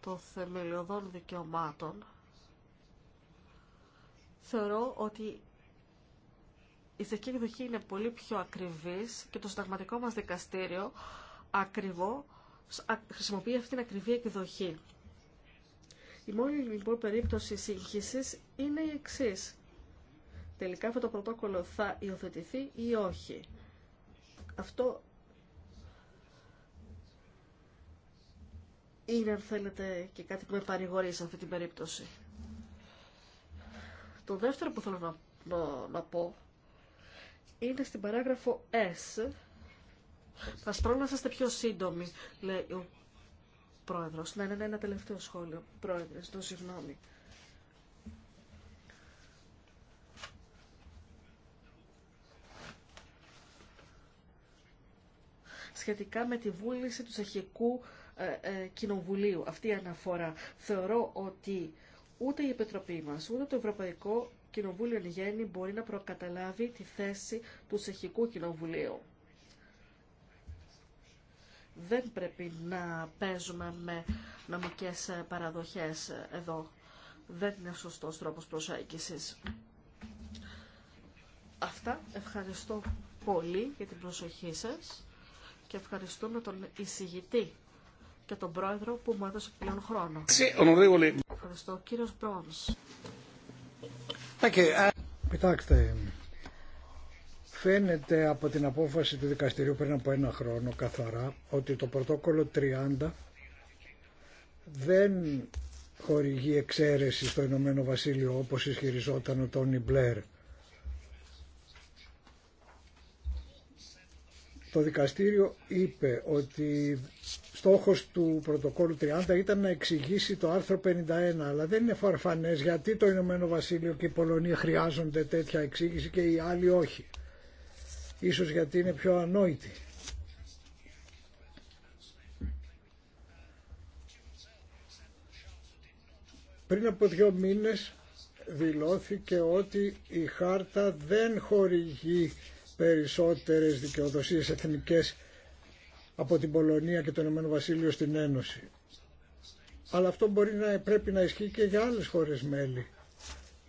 των θεμελιωδών δικαιωμάτων, θεωρώ ότι η θετική εκδοχή είναι πολύ πιο ακριβής και το συνταγματικό μας δικαστήριο ακριβό χρησιμοποιεί αυτή την ακριβή εκδοχή. Η μόνη λοιπόν περίπτωση σύγχυση είναι η εξή. Τελικά αυτό το πρωτόκολλο θα υιοθετηθεί ή όχι. Αυτό είναι αν θέλετε και κάτι που με παρηγορεί σε αυτή την περίπτωση. Το δεύτερο που θέλω να, να πω είναι στην παράγραφο S. Θα σπρώνω να είστε πιο σύντομοι, λέει ο πρόεδρος. Ναι, ναι, ένα τελευταίο σχόλιο. Πρόεδρε, το συγγνώμη. σχετικά με τη βούληση του Τσεχικού ε, ε, Κοινοβουλίου. Αυτή η αναφορά. Θεωρώ ότι ούτε η Επιτροπή μας, ούτε το Ευρωπαϊκό Κοινοβούλιο εν γέννη μπορεί να προκαταλάβει τη θέση του Σεχικού Κοινοβουλίου. Δεν πρέπει να παίζουμε με νομικές παραδοχές εδώ. Δεν είναι σωστός τρόπος προσέγγισης. Αυτά. Ευχαριστώ πολύ για την προσοχή σας και ευχαριστούμε τον εισηγητή και τον πρόεδρο που μου έδωσε πλέον χρόνο. Ευχαριστώ. Κύριος Μπρόνς. Uh, Κοιτάξτε, φαίνεται από την απόφαση του δικαστηρίου πριν από ένα χρόνο καθαρά ότι το πρωτόκολλο 30 δεν χορηγεί εξαίρεση στο Ηνωμένο Βασίλειο όπως ισχυριζόταν ο Τόνι Μπλερ Το δικαστήριο είπε ότι στόχος του πρωτοκόλου 30 ήταν να εξηγήσει το άρθρο 51, αλλά δεν είναι φαρφανές γιατί το Ηνωμένο Βασίλειο και η Πολωνία χρειάζονται τέτοια εξήγηση και οι άλλοι όχι. Ίσως γιατί είναι πιο ανόητοι. Πριν από δύο μήνες δηλώθηκε ότι η χάρτα δεν χορηγεί περισσότερες δικαιοδοσίες εθνικές από την Πολωνία και τον Ηνωμένο Βασίλειο στην Ένωση. Αλλά αυτό μπορεί να, πρέπει να ισχύει και για άλλες χώρες μέλη.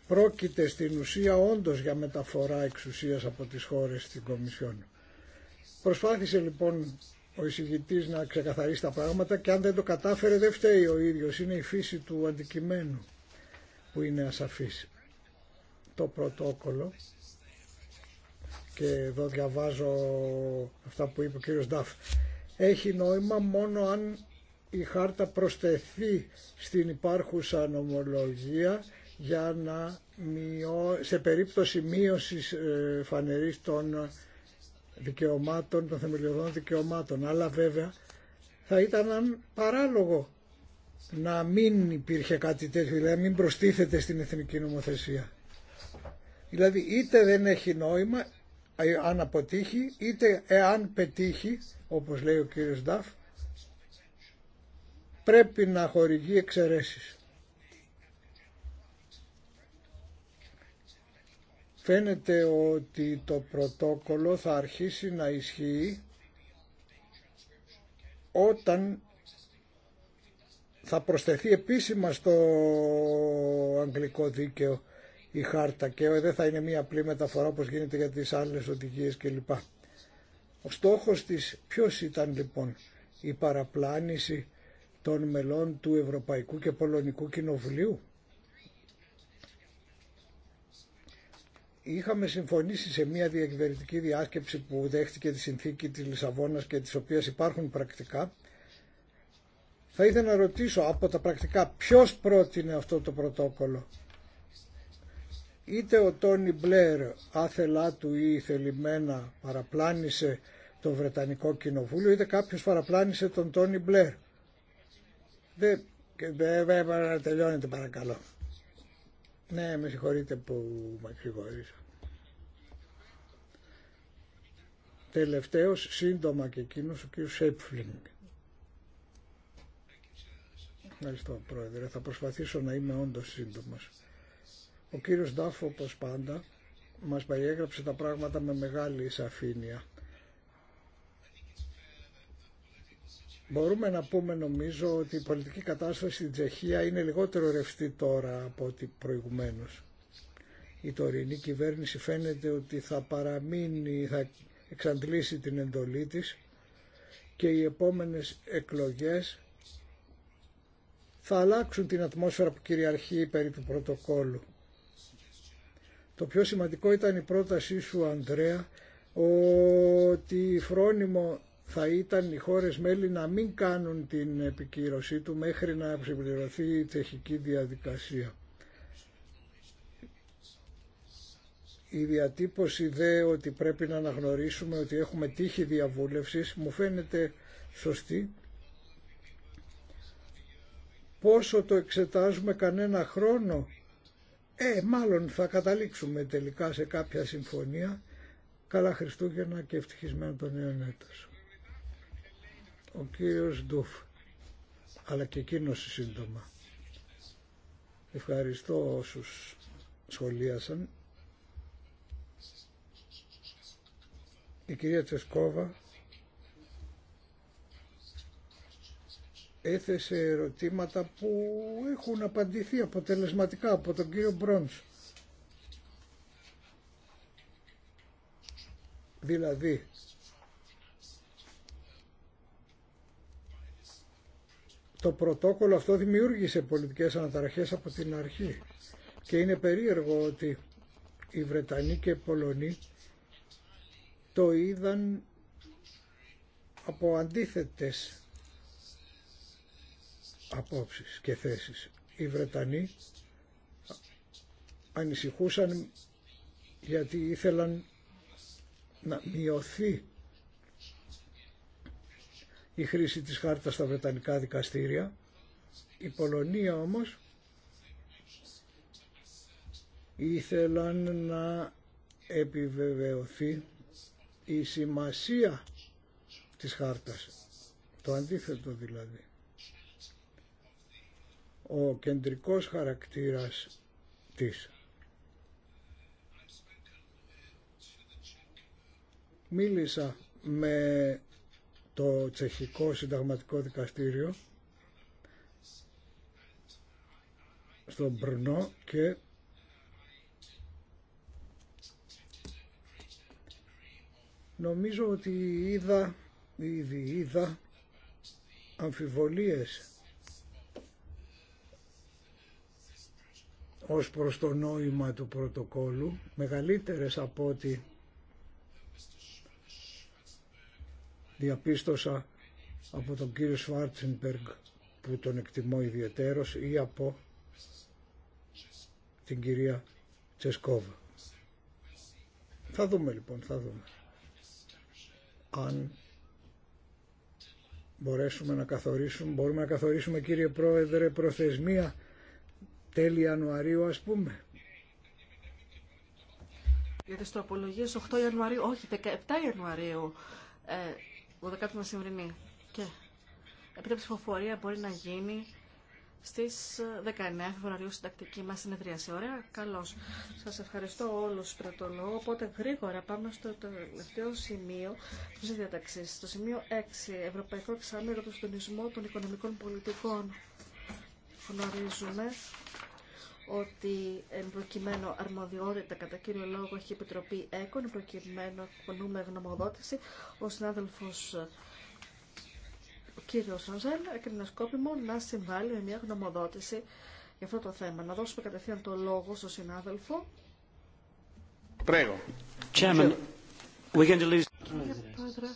Πρόκειται στην ουσία όντως για μεταφορά εξουσίας από τις χώρες στην Κομισιόν. Προσπάθησε λοιπόν ο εισηγητής να ξεκαθαρίσει τα πράγματα και αν δεν το κατάφερε δεν φταίει ο ίδιος. Είναι η φύση του αντικειμένου που είναι ασαφής. Το πρωτόκολλο και εδώ διαβάζω αυτά που είπε ο κύριος Νταφ, έχει νόημα μόνο αν η χάρτα προσθεθεί στην υπάρχουσα νομολογία για να μειώ... σε περίπτωση μείωσης ε, φανερής των δικαιωμάτων, των θεμελιωδών δικαιωμάτων. Αλλά βέβαια θα ήταν παράλογο να μην υπήρχε κάτι τέτοιο, δηλαδή μην προστίθεται στην εθνική νομοθεσία. Δηλαδή είτε δεν έχει νόημα ε, αν αποτύχει είτε εάν πετύχει όπως λέει ο κύριος Νταφ πρέπει να χορηγεί εξαιρέσεις. Φαίνεται ότι το πρωτόκολλο θα αρχίσει να ισχύει όταν θα προσθεθεί επίσημα στο αγγλικό δίκαιο η χάρτα και ε, δεν θα είναι μία απλή μεταφορά όπως γίνεται για τις άλλες οδηγίες κλπ. Ο στόχος της ποιος ήταν λοιπόν η παραπλάνηση των μελών του Ευρωπαϊκού και Πολωνικού Κοινοβουλίου. Είχαμε συμφωνήσει σε μια διακυβερνητική διάσκεψη που δέχτηκε τη συνθήκη της Λισαβόνας και της οποίας υπάρχουν πρακτικά. Θα ήθελα να ρωτήσω από τα πρακτικά ποιος πρότεινε αυτό το πρωτόκολλο είτε ο Τόνι Μπλερ άθελά του ή θελημένα παραπλάνησε το Βρετανικό Κοινοβούλιο είτε κάποιος παραπλάνησε τον Τόνι Μπλερ. Δεν να τελειώνετε παρακαλώ. Ναι, με συγχωρείτε που με Τελευταίος, σύντομα και εκείνος, ο κ. Σέπφλινγκ. Ευχαριστώ, Πρόεδρε. Θα προσπαθήσω να είμαι όντως σύντομος. Ο κύριος Ντάφο, όπως πάντα, μας περιέγραψε τα πράγματα με μεγάλη σαφήνεια. Μπορούμε να πούμε νομίζω ότι η πολιτική κατάσταση στην Τσεχία είναι λιγότερο ρευστή τώρα από ό,τι προηγουμένως. Η τωρινή κυβέρνηση φαίνεται ότι θα παραμείνει, θα εξαντλήσει την εντολή της και οι επόμενες εκλογές θα αλλάξουν την ατμόσφαιρα που κυριαρχεί περί του πρωτοκόλου. Το πιο σημαντικό ήταν η πρότασή σου, Ανδρέα, ότι φρόνιμο θα ήταν οι χώρες μέλη να μην κάνουν την επικύρωσή του μέχρι να συμπληρωθεί η τσεχική διαδικασία. Η διατύπωση δε ότι πρέπει να αναγνωρίσουμε ότι έχουμε τύχη διαβούλευσης μου φαίνεται σωστή. Πόσο το εξετάζουμε κανένα χρόνο ε, μάλλον θα καταλήξουμε τελικά σε κάποια συμφωνία. Καλά Χριστούγεννα και ευτυχισμένο τον νέο Ο κύριος Ντούφ, αλλά και εκείνο σύντομα. Ευχαριστώ όσους σχολίασαν. Η κυρία Τσεσκόβα έθεσε ερωτήματα που έχουν απαντηθεί αποτελεσματικά από τον κύριο Μπρόνς. Δηλαδή, το πρωτόκολλο αυτό δημιούργησε πολιτικές αναταραχές από την αρχή και είναι περίεργο ότι οι Βρετανοί και οι Πολωνοί το είδαν από αντίθετες απόψεις και θέσεις. Οι Βρετανοί ανησυχούσαν γιατί ήθελαν να μειωθεί η χρήση της χάρτας στα Βρετανικά δικαστήρια. Η Πολωνία όμως ήθελαν να επιβεβαιωθεί η σημασία της χάρτας. Το αντίθετο δηλαδή ο κεντρικός χαρακτήρας της. Μίλησα με το τσεχικό συνταγματικό δικαστήριο στο Πρνό και νομίζω ότι είδα, ήδη είδα αμφιβολίες ως προς το νόημα του πρωτοκόλου, μεγαλύτερες από ό,τι διαπίστωσα από τον κύριο Σφάρτσενπεργκ που τον εκτιμώ ιδιαιτέρως ή από την κυρία Τσεσκόβα. Θα δούμε λοιπόν, θα δούμε. Αν μπορέσουμε να καθορίσουμε, μπορούμε να καθορίσουμε κύριε Πρόεδρε προθεσμία τέλη Ιανουαρίου ας πούμε. Για τις τροπολογίες 8 Ιανουαρίου, όχι 17 Ιανουαρίου, ε, 12η Μεσημβρινή. Και επειδή ψηφοφορία μπορεί να γίνει στις 19 ε, Φεβρουαρίου στην τακτική μας συνεδρίαση. Ωραία, καλώς. Σας ευχαριστώ όλους για το λόγο. Οπότε γρήγορα πάμε στο τελευταίο σημείο της διαταξής. Στο σημείο 6, Ευρωπαϊκό Εξάμερο του Συντονισμό των Οικονομικών Πολιτικών. Γνωρίζουμε ότι εν προκειμένου αρμοδιότητα κατά κύριο λόγο έχει η Επιτροπή ΕΚΟΝ, προκειμένου εκπονούμε γνωμοδότηση, ο συνάδελφο ο κύριος Σανζέλ έκανε σκόπιμο να συμβάλλει με μια γνωμοδότηση για αυτό το θέμα. Να δώσουμε κατευθείαν το λόγο στον συνάδελφο. Πρέγω. Chairman, Κύριε Πρόεδρε,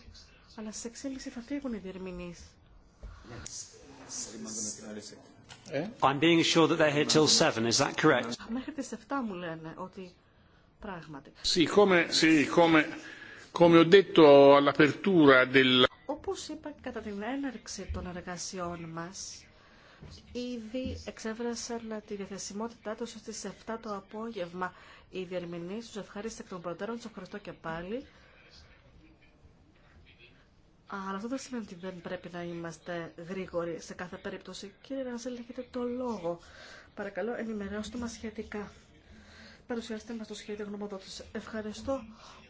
αλλά σε εξέλιξη θα φύγουν οι διερμηνείς. Ναι. I'm being assured that they're here till 7, is that correct? Μέχρι τις 7 μου λένε ότι πράγματι. Sì, come, sì, come, come ho detto all'apertura del... Όπως είπα κατά την έναρξη των εργασιών μας, ήδη εξέφρασαν τη διαθεσιμότητά τους στις 7 το απόγευμα. Οι διερμηνείς τους ευχαρίστηκαν των προτέρων, τους ευχαριστώ και πάλι. Αλλά αυτό δεν σημαίνει ότι δεν πρέπει να είμαστε γρήγοροι σε κάθε περίπτωση. Κύριε Ρανσέλ, έχετε το λόγο. Παρακαλώ, ενημερώστε μας σχετικά. Παρουσιάστε μας το σχέδιο γνωμοδότηση. Ευχαριστώ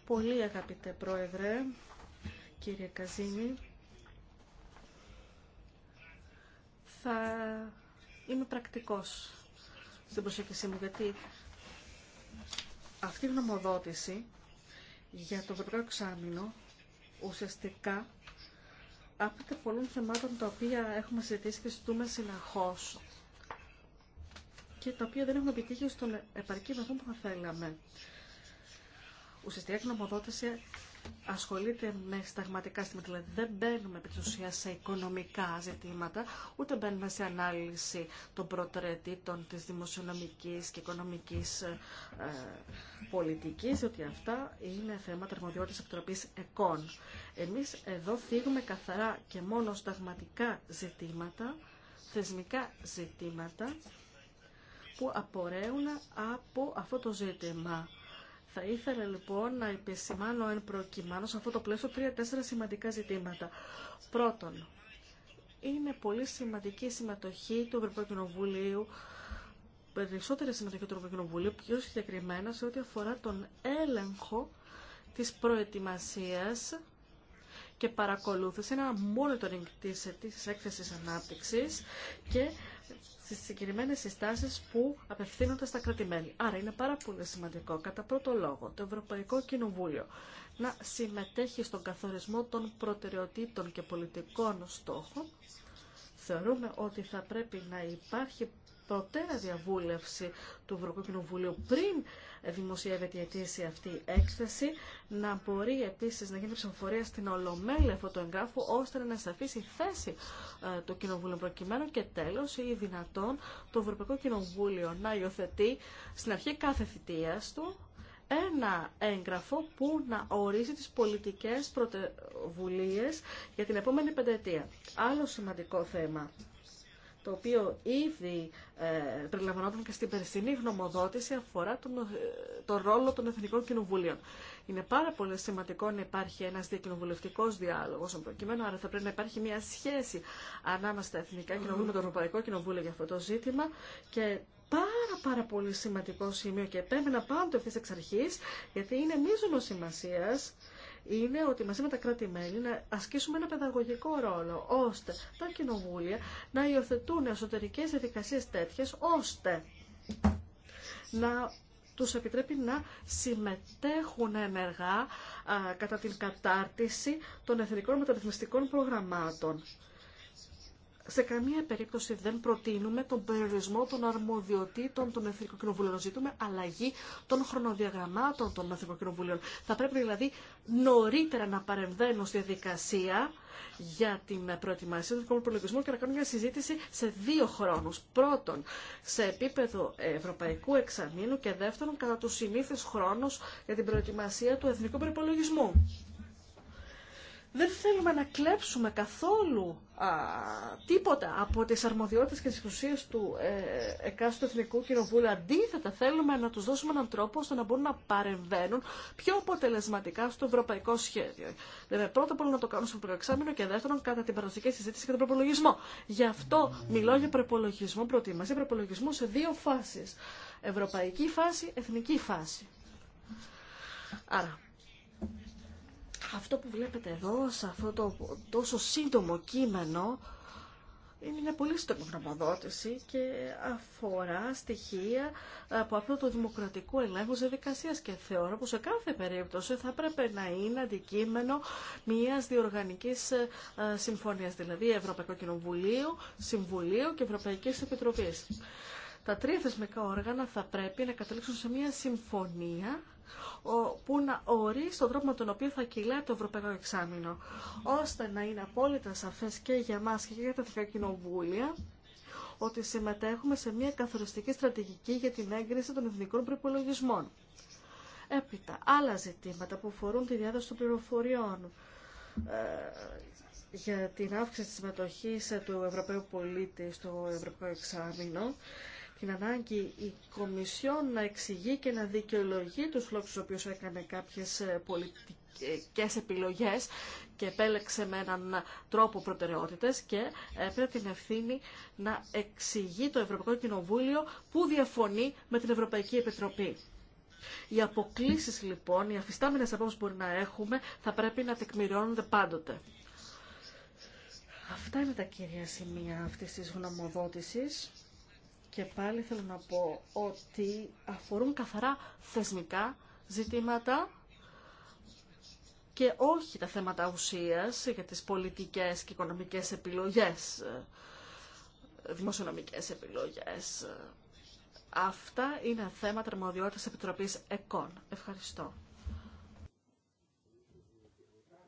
πολύ, αγαπητέ Πρόεδρε, κύριε Καζίνη. Θα είμαι πρακτικός στην προσέγγιση μου, γιατί αυτή η γνωμοδότηση για το Ευρωπαϊκό Εξάμεινο ουσιαστικά άπτεται πολλών θεμάτων τα οποία έχουμε συζητήσει και ζητούμε συνεχώ και τα οποία δεν έχουμε επιτύχει στον επαρκή βαθμό που θα θέλαμε. Ουσιαστικά η γνωμοδότηση ασχολείται με σταγματικά στιγμή. δηλαδή δεν μπαίνουμε επί της σε οικονομικά ζητήματα, ούτε μπαίνουμε σε ανάλυση των προτεραιτήτων της δημοσιονομικής και οικονομικής ε, πολιτικής, διότι αυτά είναι θέματα αρμοδιότητας Επιτροπής ΕΚΟΝ. Εμείς εδώ φύγουμε καθαρά και μόνο σταγματικά ζητήματα, θεσμικά ζητήματα, που απορρέουν από αυτό το ζήτημα θα ήθελα λοιπόν να επισημάνω εν προκειμένου σε αυτό το πλαίσιο τρία-τέσσερα σημαντικά ζητήματα. Πρώτον, είναι πολύ σημαντική η συμμετοχή του Ευρωπαϊκού Κοινοβουλίου, περισσότερη συμμετοχή του Ευρωπαϊκού Κοινοβουλίου, πιο συγκεκριμένα σε ό,τι αφορά τον έλεγχο της προετοιμασίας και παρακολούθηση, ένα monitoring της, της έκθεσης ανάπτυξης και στις συγκεκριμένες συστάσεις που απευθύνονται στα κρατημένη. Άρα είναι πάρα πολύ σημαντικό, κατά πρώτο λόγο, το Ευρωπαϊκό Κοινοβούλιο να συμμετέχει στον καθορισμό των προτεραιοτήτων και πολιτικών στόχων. Θεωρούμε ότι θα πρέπει να υπάρχει προτέρα διαβούλευση του Ευρωπαϊκού Κοινοβουλίου πριν δημοσιεύεται η αιτήσια αυτή η έκθεση, να μπορεί επίσης να γίνει ψηφοφορία στην Ολομέλεια αυτού του εγγράφου, ώστε να σαφίσει η θέση ε, του Κοινοβουλίου προκειμένου και τέλος ή δυνατόν το Ευρωπαϊκό Κοινοβούλιο να υιοθετεί στην αρχή κάθε θητείας του ένα έγγραφο που να ορίζει τις πολιτικές πρωτεβουλίες για την επόμενη πενταετία. Άλλο σημαντικό θέμα το οποίο ήδη ε, περιλαμβανόταν και στην περσινή γνωμοδότηση αφορά τον, ε, τον ρόλο των Εθνικών Κοινοβουλίων. Είναι πάρα πολύ σημαντικό να υπάρχει ένα διακοινοβουλευτικό διάλογο, προκειμένου, άρα θα πρέπει να υπάρχει μια σχέση ανάμεσα στα Εθνικά Κοινοβούλια με το Ευρωπαϊκό Κοινοβούλιο για αυτό το ζήτημα και πάρα πάρα πολύ σημαντικό σημείο και επέμενα πάντοτε ευθύ εξ αρχής, γιατί είναι μείζονο σημασίας είναι ότι μαζί με τα κράτη-μέλη να ασκήσουμε ένα παιδαγωγικό ρόλο, ώστε τα κοινοβούλια να υιοθετούν εσωτερικές διαδικασίες τέτοιες, ώστε να τους επιτρέπει να συμμετέχουν ενεργά κατά την κατάρτιση των εθνικών μεταρρυθμιστικών προγραμμάτων σε καμία περίπτωση δεν προτείνουμε τον περιορισμό των αρμοδιοτήτων των Εθνικών Κοινοβουλίων. Ζητούμε αλλαγή των χρονοδιαγραμμάτων των Εθνικών Κοινοβουλίων. Θα πρέπει δηλαδή νωρίτερα να παρεμβαίνουν στη διαδικασία για την προετοιμασία του εθνικού προλογισμού και να κάνω μια συζήτηση σε δύο χρόνους. Πρώτον, σε επίπεδο ευρωπαϊκού εξαμήνου και δεύτερον, κατά τους συνήθες χρόνους για την προετοιμασία του εθνικού προπολογισμού. Δεν θέλουμε να κλέψουμε καθόλου τίποτα από τις αρμοδιότητες και τις εξουσίες του ε, εκάστοτε Εθνικού Κοινοβούλου. Αντίθετα, θέλουμε να τους δώσουμε έναν τρόπο ώστε να μπορούν να παρεμβαίνουν πιο αποτελεσματικά στο ευρωπαϊκό σχέδιο. Δηλαδή, πρώτα απ' όλα να το κάνουμε στο προεξάμεινο και δεύτερον κατά την παραδοσιακή συζήτηση και τον προπολογισμό. Γι' αυτό μιλώ για προπολογισμό, για προπολογισμό σε δύο φάσεις. Ευρωπαϊκή φάση, εθνική φάση. Άρα, αυτό που βλέπετε εδώ, σε αυτό το τόσο σύντομο κείμενο, είναι μια πολύ σύντομη γνωμοδότηση και αφορά στοιχεία από αυτό το δημοκρατικό ελέγχο διαδικασία. Και θεωρώ πως σε κάθε περίπτωση θα πρέπει να είναι αντικείμενο μια διοργανική ε, συμφωνία, δηλαδή Ευρωπαϊκό Κοινοβουλίο, Συμβουλίο και Ευρωπαϊκή Επιτροπή. Τα τρία θεσμικά όργανα θα πρέπει να καταλήξουν σε μια συμφωνία που να ορίσει τον τρόπο με τον οποίο θα κυλάει το Ευρωπαϊκό Εξάμεινο, ώστε να είναι απόλυτα σαφές και για μας και για τα εθνικά κοινοβούλια ότι συμμετέχουμε σε μια καθοριστική στρατηγική για την έγκριση των εθνικών προπολογισμών. Έπειτα, άλλα ζητήματα που αφορούν τη διάδοση των πληροφοριών ε, για την αύξηση της συμμετοχής του Ευρωπαίου πολίτη στο Ευρωπαϊκό Εξάμεινο την ανάγκη η Κομισιόν να εξηγεί και να δικαιολογεί τους λόγους του οποίους έκανε κάποιες ε, πολιτικές επιλογές και επέλεξε με έναν τρόπο προτεραιότητες και έπρεπε ε, την ευθύνη να εξηγεί το Ευρωπαϊκό Κοινοβούλιο που διαφωνεί με την Ευρωπαϊκή Επιτροπή. Οι αποκλήσεις λοιπόν, οι αφιστάμενες απόψεις που μπορεί να έχουμε θα πρέπει να τεκμηριώνονται πάντοτε. Αυτά είναι τα κύρια σημεία αυτής της γνωμοδότησης. Και πάλι θέλω να πω ότι αφορούν καθαρά θεσμικά ζητήματα και όχι τα θέματα ουσίας για τις πολιτικές και οικονομικές επιλογές, δημοσιονομικές επιλογές. Αυτά είναι θέματα αρμοδιότητας Επιτροπής ΕΚΟΝ. Ευχαριστώ.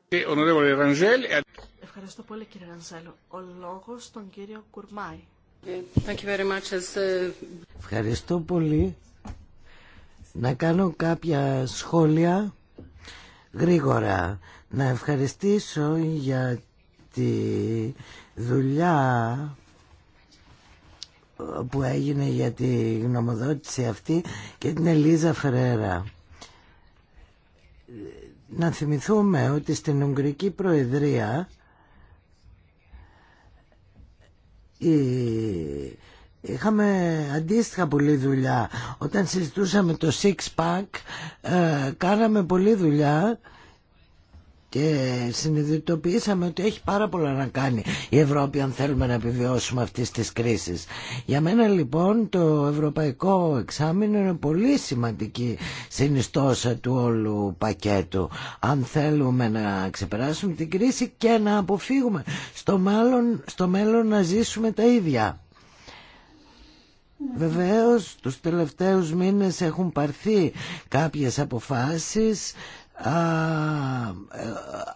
Ε, ε, Ευχαριστώ πολύ κύριε Ρανζέλο. Ο λόγος τον κύριο Κουρμάη. Uh, Ευχαριστώ πολύ. Να κάνω κάποια σχόλια γρήγορα. Να ευχαριστήσω για τη δουλειά που έγινε για τη γνωμοδότηση αυτή και την Ελίζα Φρέρα. Να θυμηθούμε ότι στην Ουγγρική Προεδρία Είχαμε αντίστοιχα πολλή δουλειά. Όταν συζητούσαμε το six pack, ε, κάναμε πολλή δουλειά και συνειδητοποιήσαμε ότι έχει πάρα πολλά να κάνει η Ευρώπη αν θέλουμε να επιβιώσουμε αυτή τη κρίση. Για μένα λοιπόν το ευρωπαϊκό εξάμεινο είναι πολύ σημαντική συνιστόσα του όλου πακέτου. Αν θέλουμε να ξεπεράσουμε την κρίση και να αποφύγουμε στο, μάλλον, στο μέλλον να ζήσουμε τα ίδια. Βεβαίως τους τελευταίους μήνες έχουν παρθεί κάποιες αποφάσεις ε,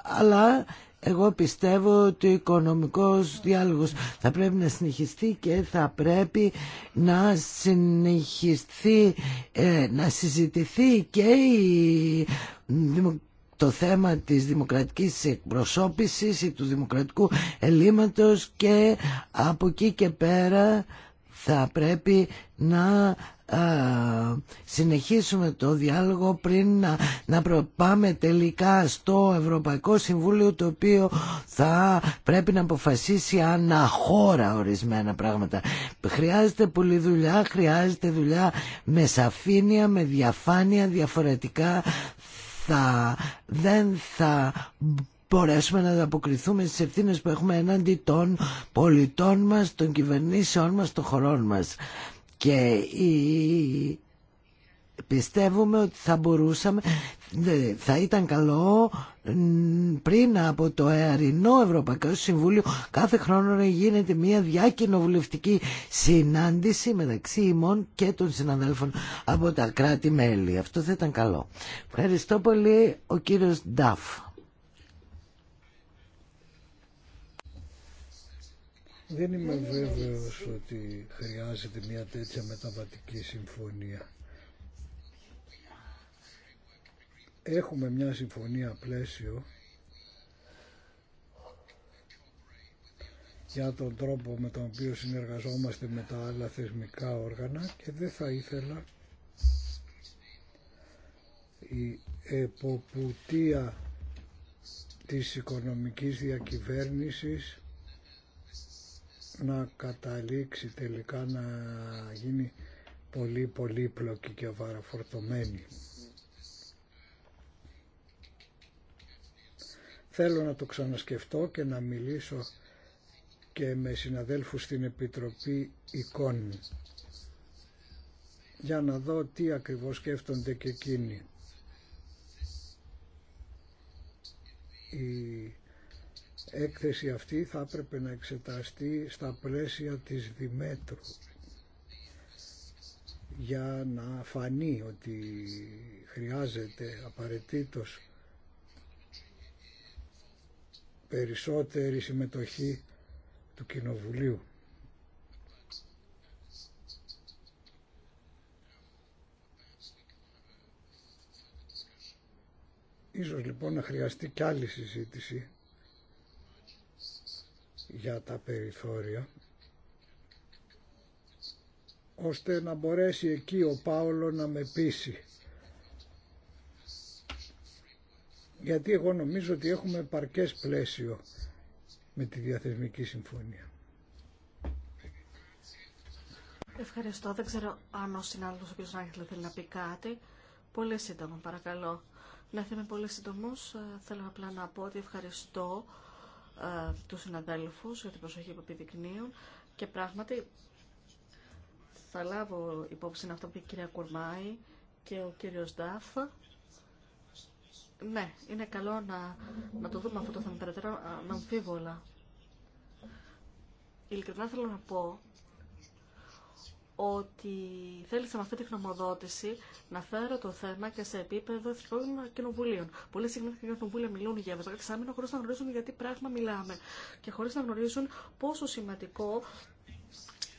αλλά εγώ πιστεύω ότι ο οικονομικός διάλογος θα πρέπει να συνεχιστεί και θα πρέπει να συνεχιστεί, ε, να συζητηθεί και το θέμα της δημοκρατικής εκπροσώπησης ή του δημοκρατικού ελλείμματος και από εκεί και πέρα θα πρέπει να ε, συνεχίσουμε το διάλογο πριν να, να προπάμε τελικά στο Ευρωπαϊκό Συμβούλιο το οποίο θα πρέπει να αποφασίσει αναχώρα ορισμένα πράγματα. Χρειάζεται πολλή δουλειά, χρειάζεται δουλειά με σαφήνεια, με διαφάνεια, διαφορετικά θα, δεν θα μπορέσουμε να ανταποκριθούμε στις ευθύνε που έχουμε έναντι των πολιτών μας, των κυβερνήσεών μας, των χωρών μας. Και πιστεύουμε ότι θα μπορούσαμε, θα ήταν καλό πριν από το αερινό Ευρωπαϊκό Συμβούλιο κάθε χρόνο να γίνεται μια διακοινοβουλευτική συνάντηση μεταξύ ημών και των συναδέλφων από τα κράτη-μέλη. Αυτό θα ήταν καλό. Ευχαριστώ πολύ ο κύριος Νταφ. Δεν είμαι βέβαιος ότι χρειάζεται μια τέτοια μεταβατική συμφωνία. Έχουμε μια συμφωνία πλαίσιο για τον τρόπο με τον οποίο συνεργαζόμαστε με τα άλλα θεσμικά όργανα και δεν θα ήθελα η εποπουτία της οικονομικής διακυβέρνησης να καταλήξει τελικά να γίνει πολύ πλοκή και βαραφορτωμένη. Θέλω να το ξανασκεφτώ και να μιλήσω και με συναδέλφους στην Επιτροπή Εικόνων για να δω τι ακριβώς σκέφτονται και εκείνοι έκθεση αυτή θα έπρεπε να εξεταστεί στα πλαίσια της Δημέτρου για να φανεί ότι χρειάζεται απαραίτητος περισσότερη συμμετοχή του Κοινοβουλίου. Ίσως λοιπόν να χρειαστεί κι άλλη συζήτηση για τα περιθώρια ώστε να μπορέσει εκεί ο Πάολο να με πείσει. Γιατί εγώ νομίζω ότι έχουμε παρκές πλαίσιο με τη διαθεσμική συμφωνία. Ευχαριστώ. Δεν ξέρω αν ο συνάδελφος ο οποίος Άγγελ θέλει να πει κάτι. Πολύ σύντομα παρακαλώ. Να είμαι πολύ σύντομος. Ε, θέλω απλά να πω ότι ευχαριστώ του συναδέλφους για την προσοχή που επιδεικνύουν και πράγματι θα λάβω υπόψη αυτό που είπε η κυρία Κουρμάη και ο κύριος Ντάφ. Ναι, είναι καλό να, να το δούμε αυτό το θέμα περαιτέρω, να αμφίβολα. Ειλικρινά θέλω να πω ότι θέλησα με αυτή τη γνωμοδότηση να φέρω το θέμα και σε επίπεδο εθνικών κοινοβουλίων. Πολύ συχνά τα κοινοβούλια μιλούν για ευρωεξάμεινο χωρί να γνωρίζουν γιατί πράγμα μιλάμε και χωρί να γνωρίζουν πόσο σημαντικό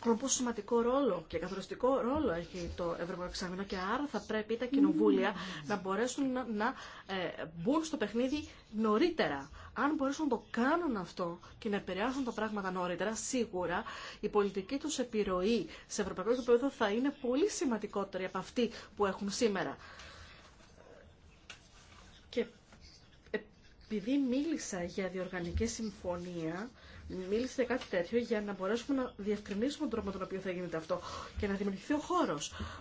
Μα σημαντικό ρόλο και καθοριστικό ρόλο έχει το Ευρωπαϊκό Εξάμεινο και άρα θα πρέπει τα κοινοβούλια mm. να μπορέσουν να, ε, μπουν στο παιχνίδι νωρίτερα. Αν μπορέσουν να το κάνουν αυτό και να επηρεάσουν τα πράγματα νωρίτερα, σίγουρα η πολιτική τους επιρροή σε ευρωπαϊκό επίπεδο θα είναι πολύ σημαντικότερη από αυτή που έχουν σήμερα. Και επειδή μίλησα για διοργανική συμφωνία, μίλησα για κάτι τέτοιο για να μπορέσουμε να διευκρινίσουμε τον τρόπο με τον οποίο θα γίνεται αυτό και να δημιουργηθεί ο χώρο.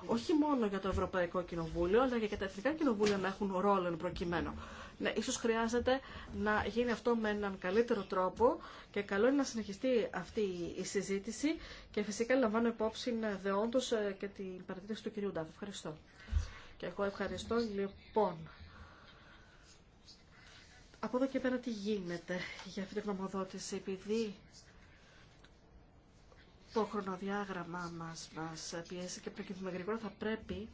Όχι μόνο για το Ευρωπαϊκό Κοινοβούλιο, αλλά και για τα Εθνικά Κοινοβούλια να έχουν ρόλο εν προκειμένου. Ναι, ίσως χρειάζεται να γίνει αυτό με έναν καλύτερο τρόπο και καλό είναι να συνεχιστεί αυτή η συζήτηση και φυσικά λαμβάνω υπόψη ναι, δεόντως ε, και την παρατήρηση του κυρίου Ντάφ. Ευχαριστώ. Και εγώ ευχαριστώ λοιπόν. Από εδώ και πέρα τι γίνεται για αυτή τη νομοδότηση, επειδή το χρονοδιάγραμμά μας μας πιέσει και προκύπτουμε γρήγορα, θα πρέπει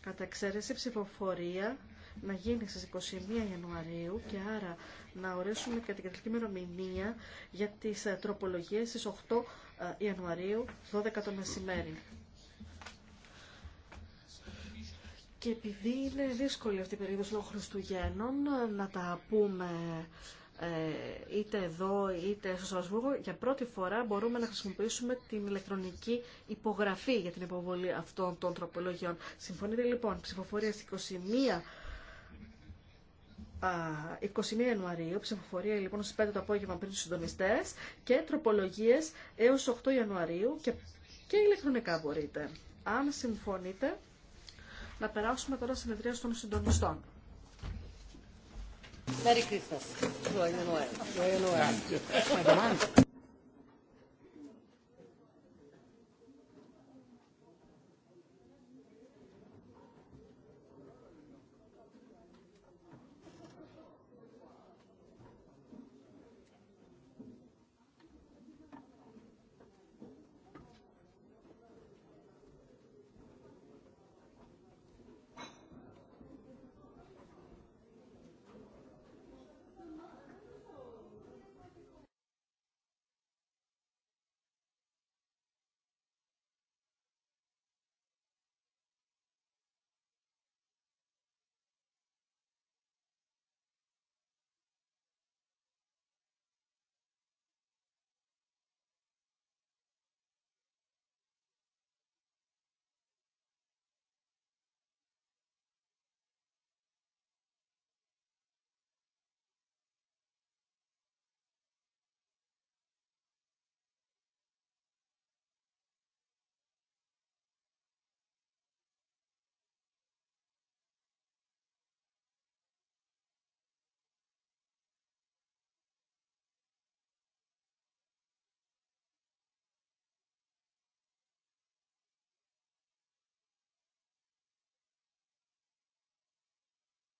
κατά εξαίρεση ψηφοφορία να γίνει στις 21 Ιανουαρίου και άρα να ορίσουμε και την κατευθυντική ημερομηνία για τις ε, τροπολογίες στις 8 ε, Ιανουαρίου, 12 το μεσημέρι. Και επειδή είναι δύσκολη αυτή η περίοδος λόγω Χριστουγέννων να τα πούμε ε, είτε εδώ είτε στο Σασβούργο, για πρώτη φορά μπορούμε να χρησιμοποιήσουμε την ηλεκτρονική υπογραφή για την υποβολή αυτών των τροπολογιών. Συμφωνείτε λοιπόν, ψηφοφορία στις 21, 21 Ιανουαρίου, ψηφοφορία λοιπόν στις 5 το απόγευμα πριν τους συντονιστές και τροπολογίες έως 8 Ιανουαρίου και, και ηλεκτρονικά μπορείτε. Αν συμφωνείτε, να περάσουμε τώρα στην εδρία των συντονιστών. Merry Christmas. Joyeux Noël. Joyeux Noël.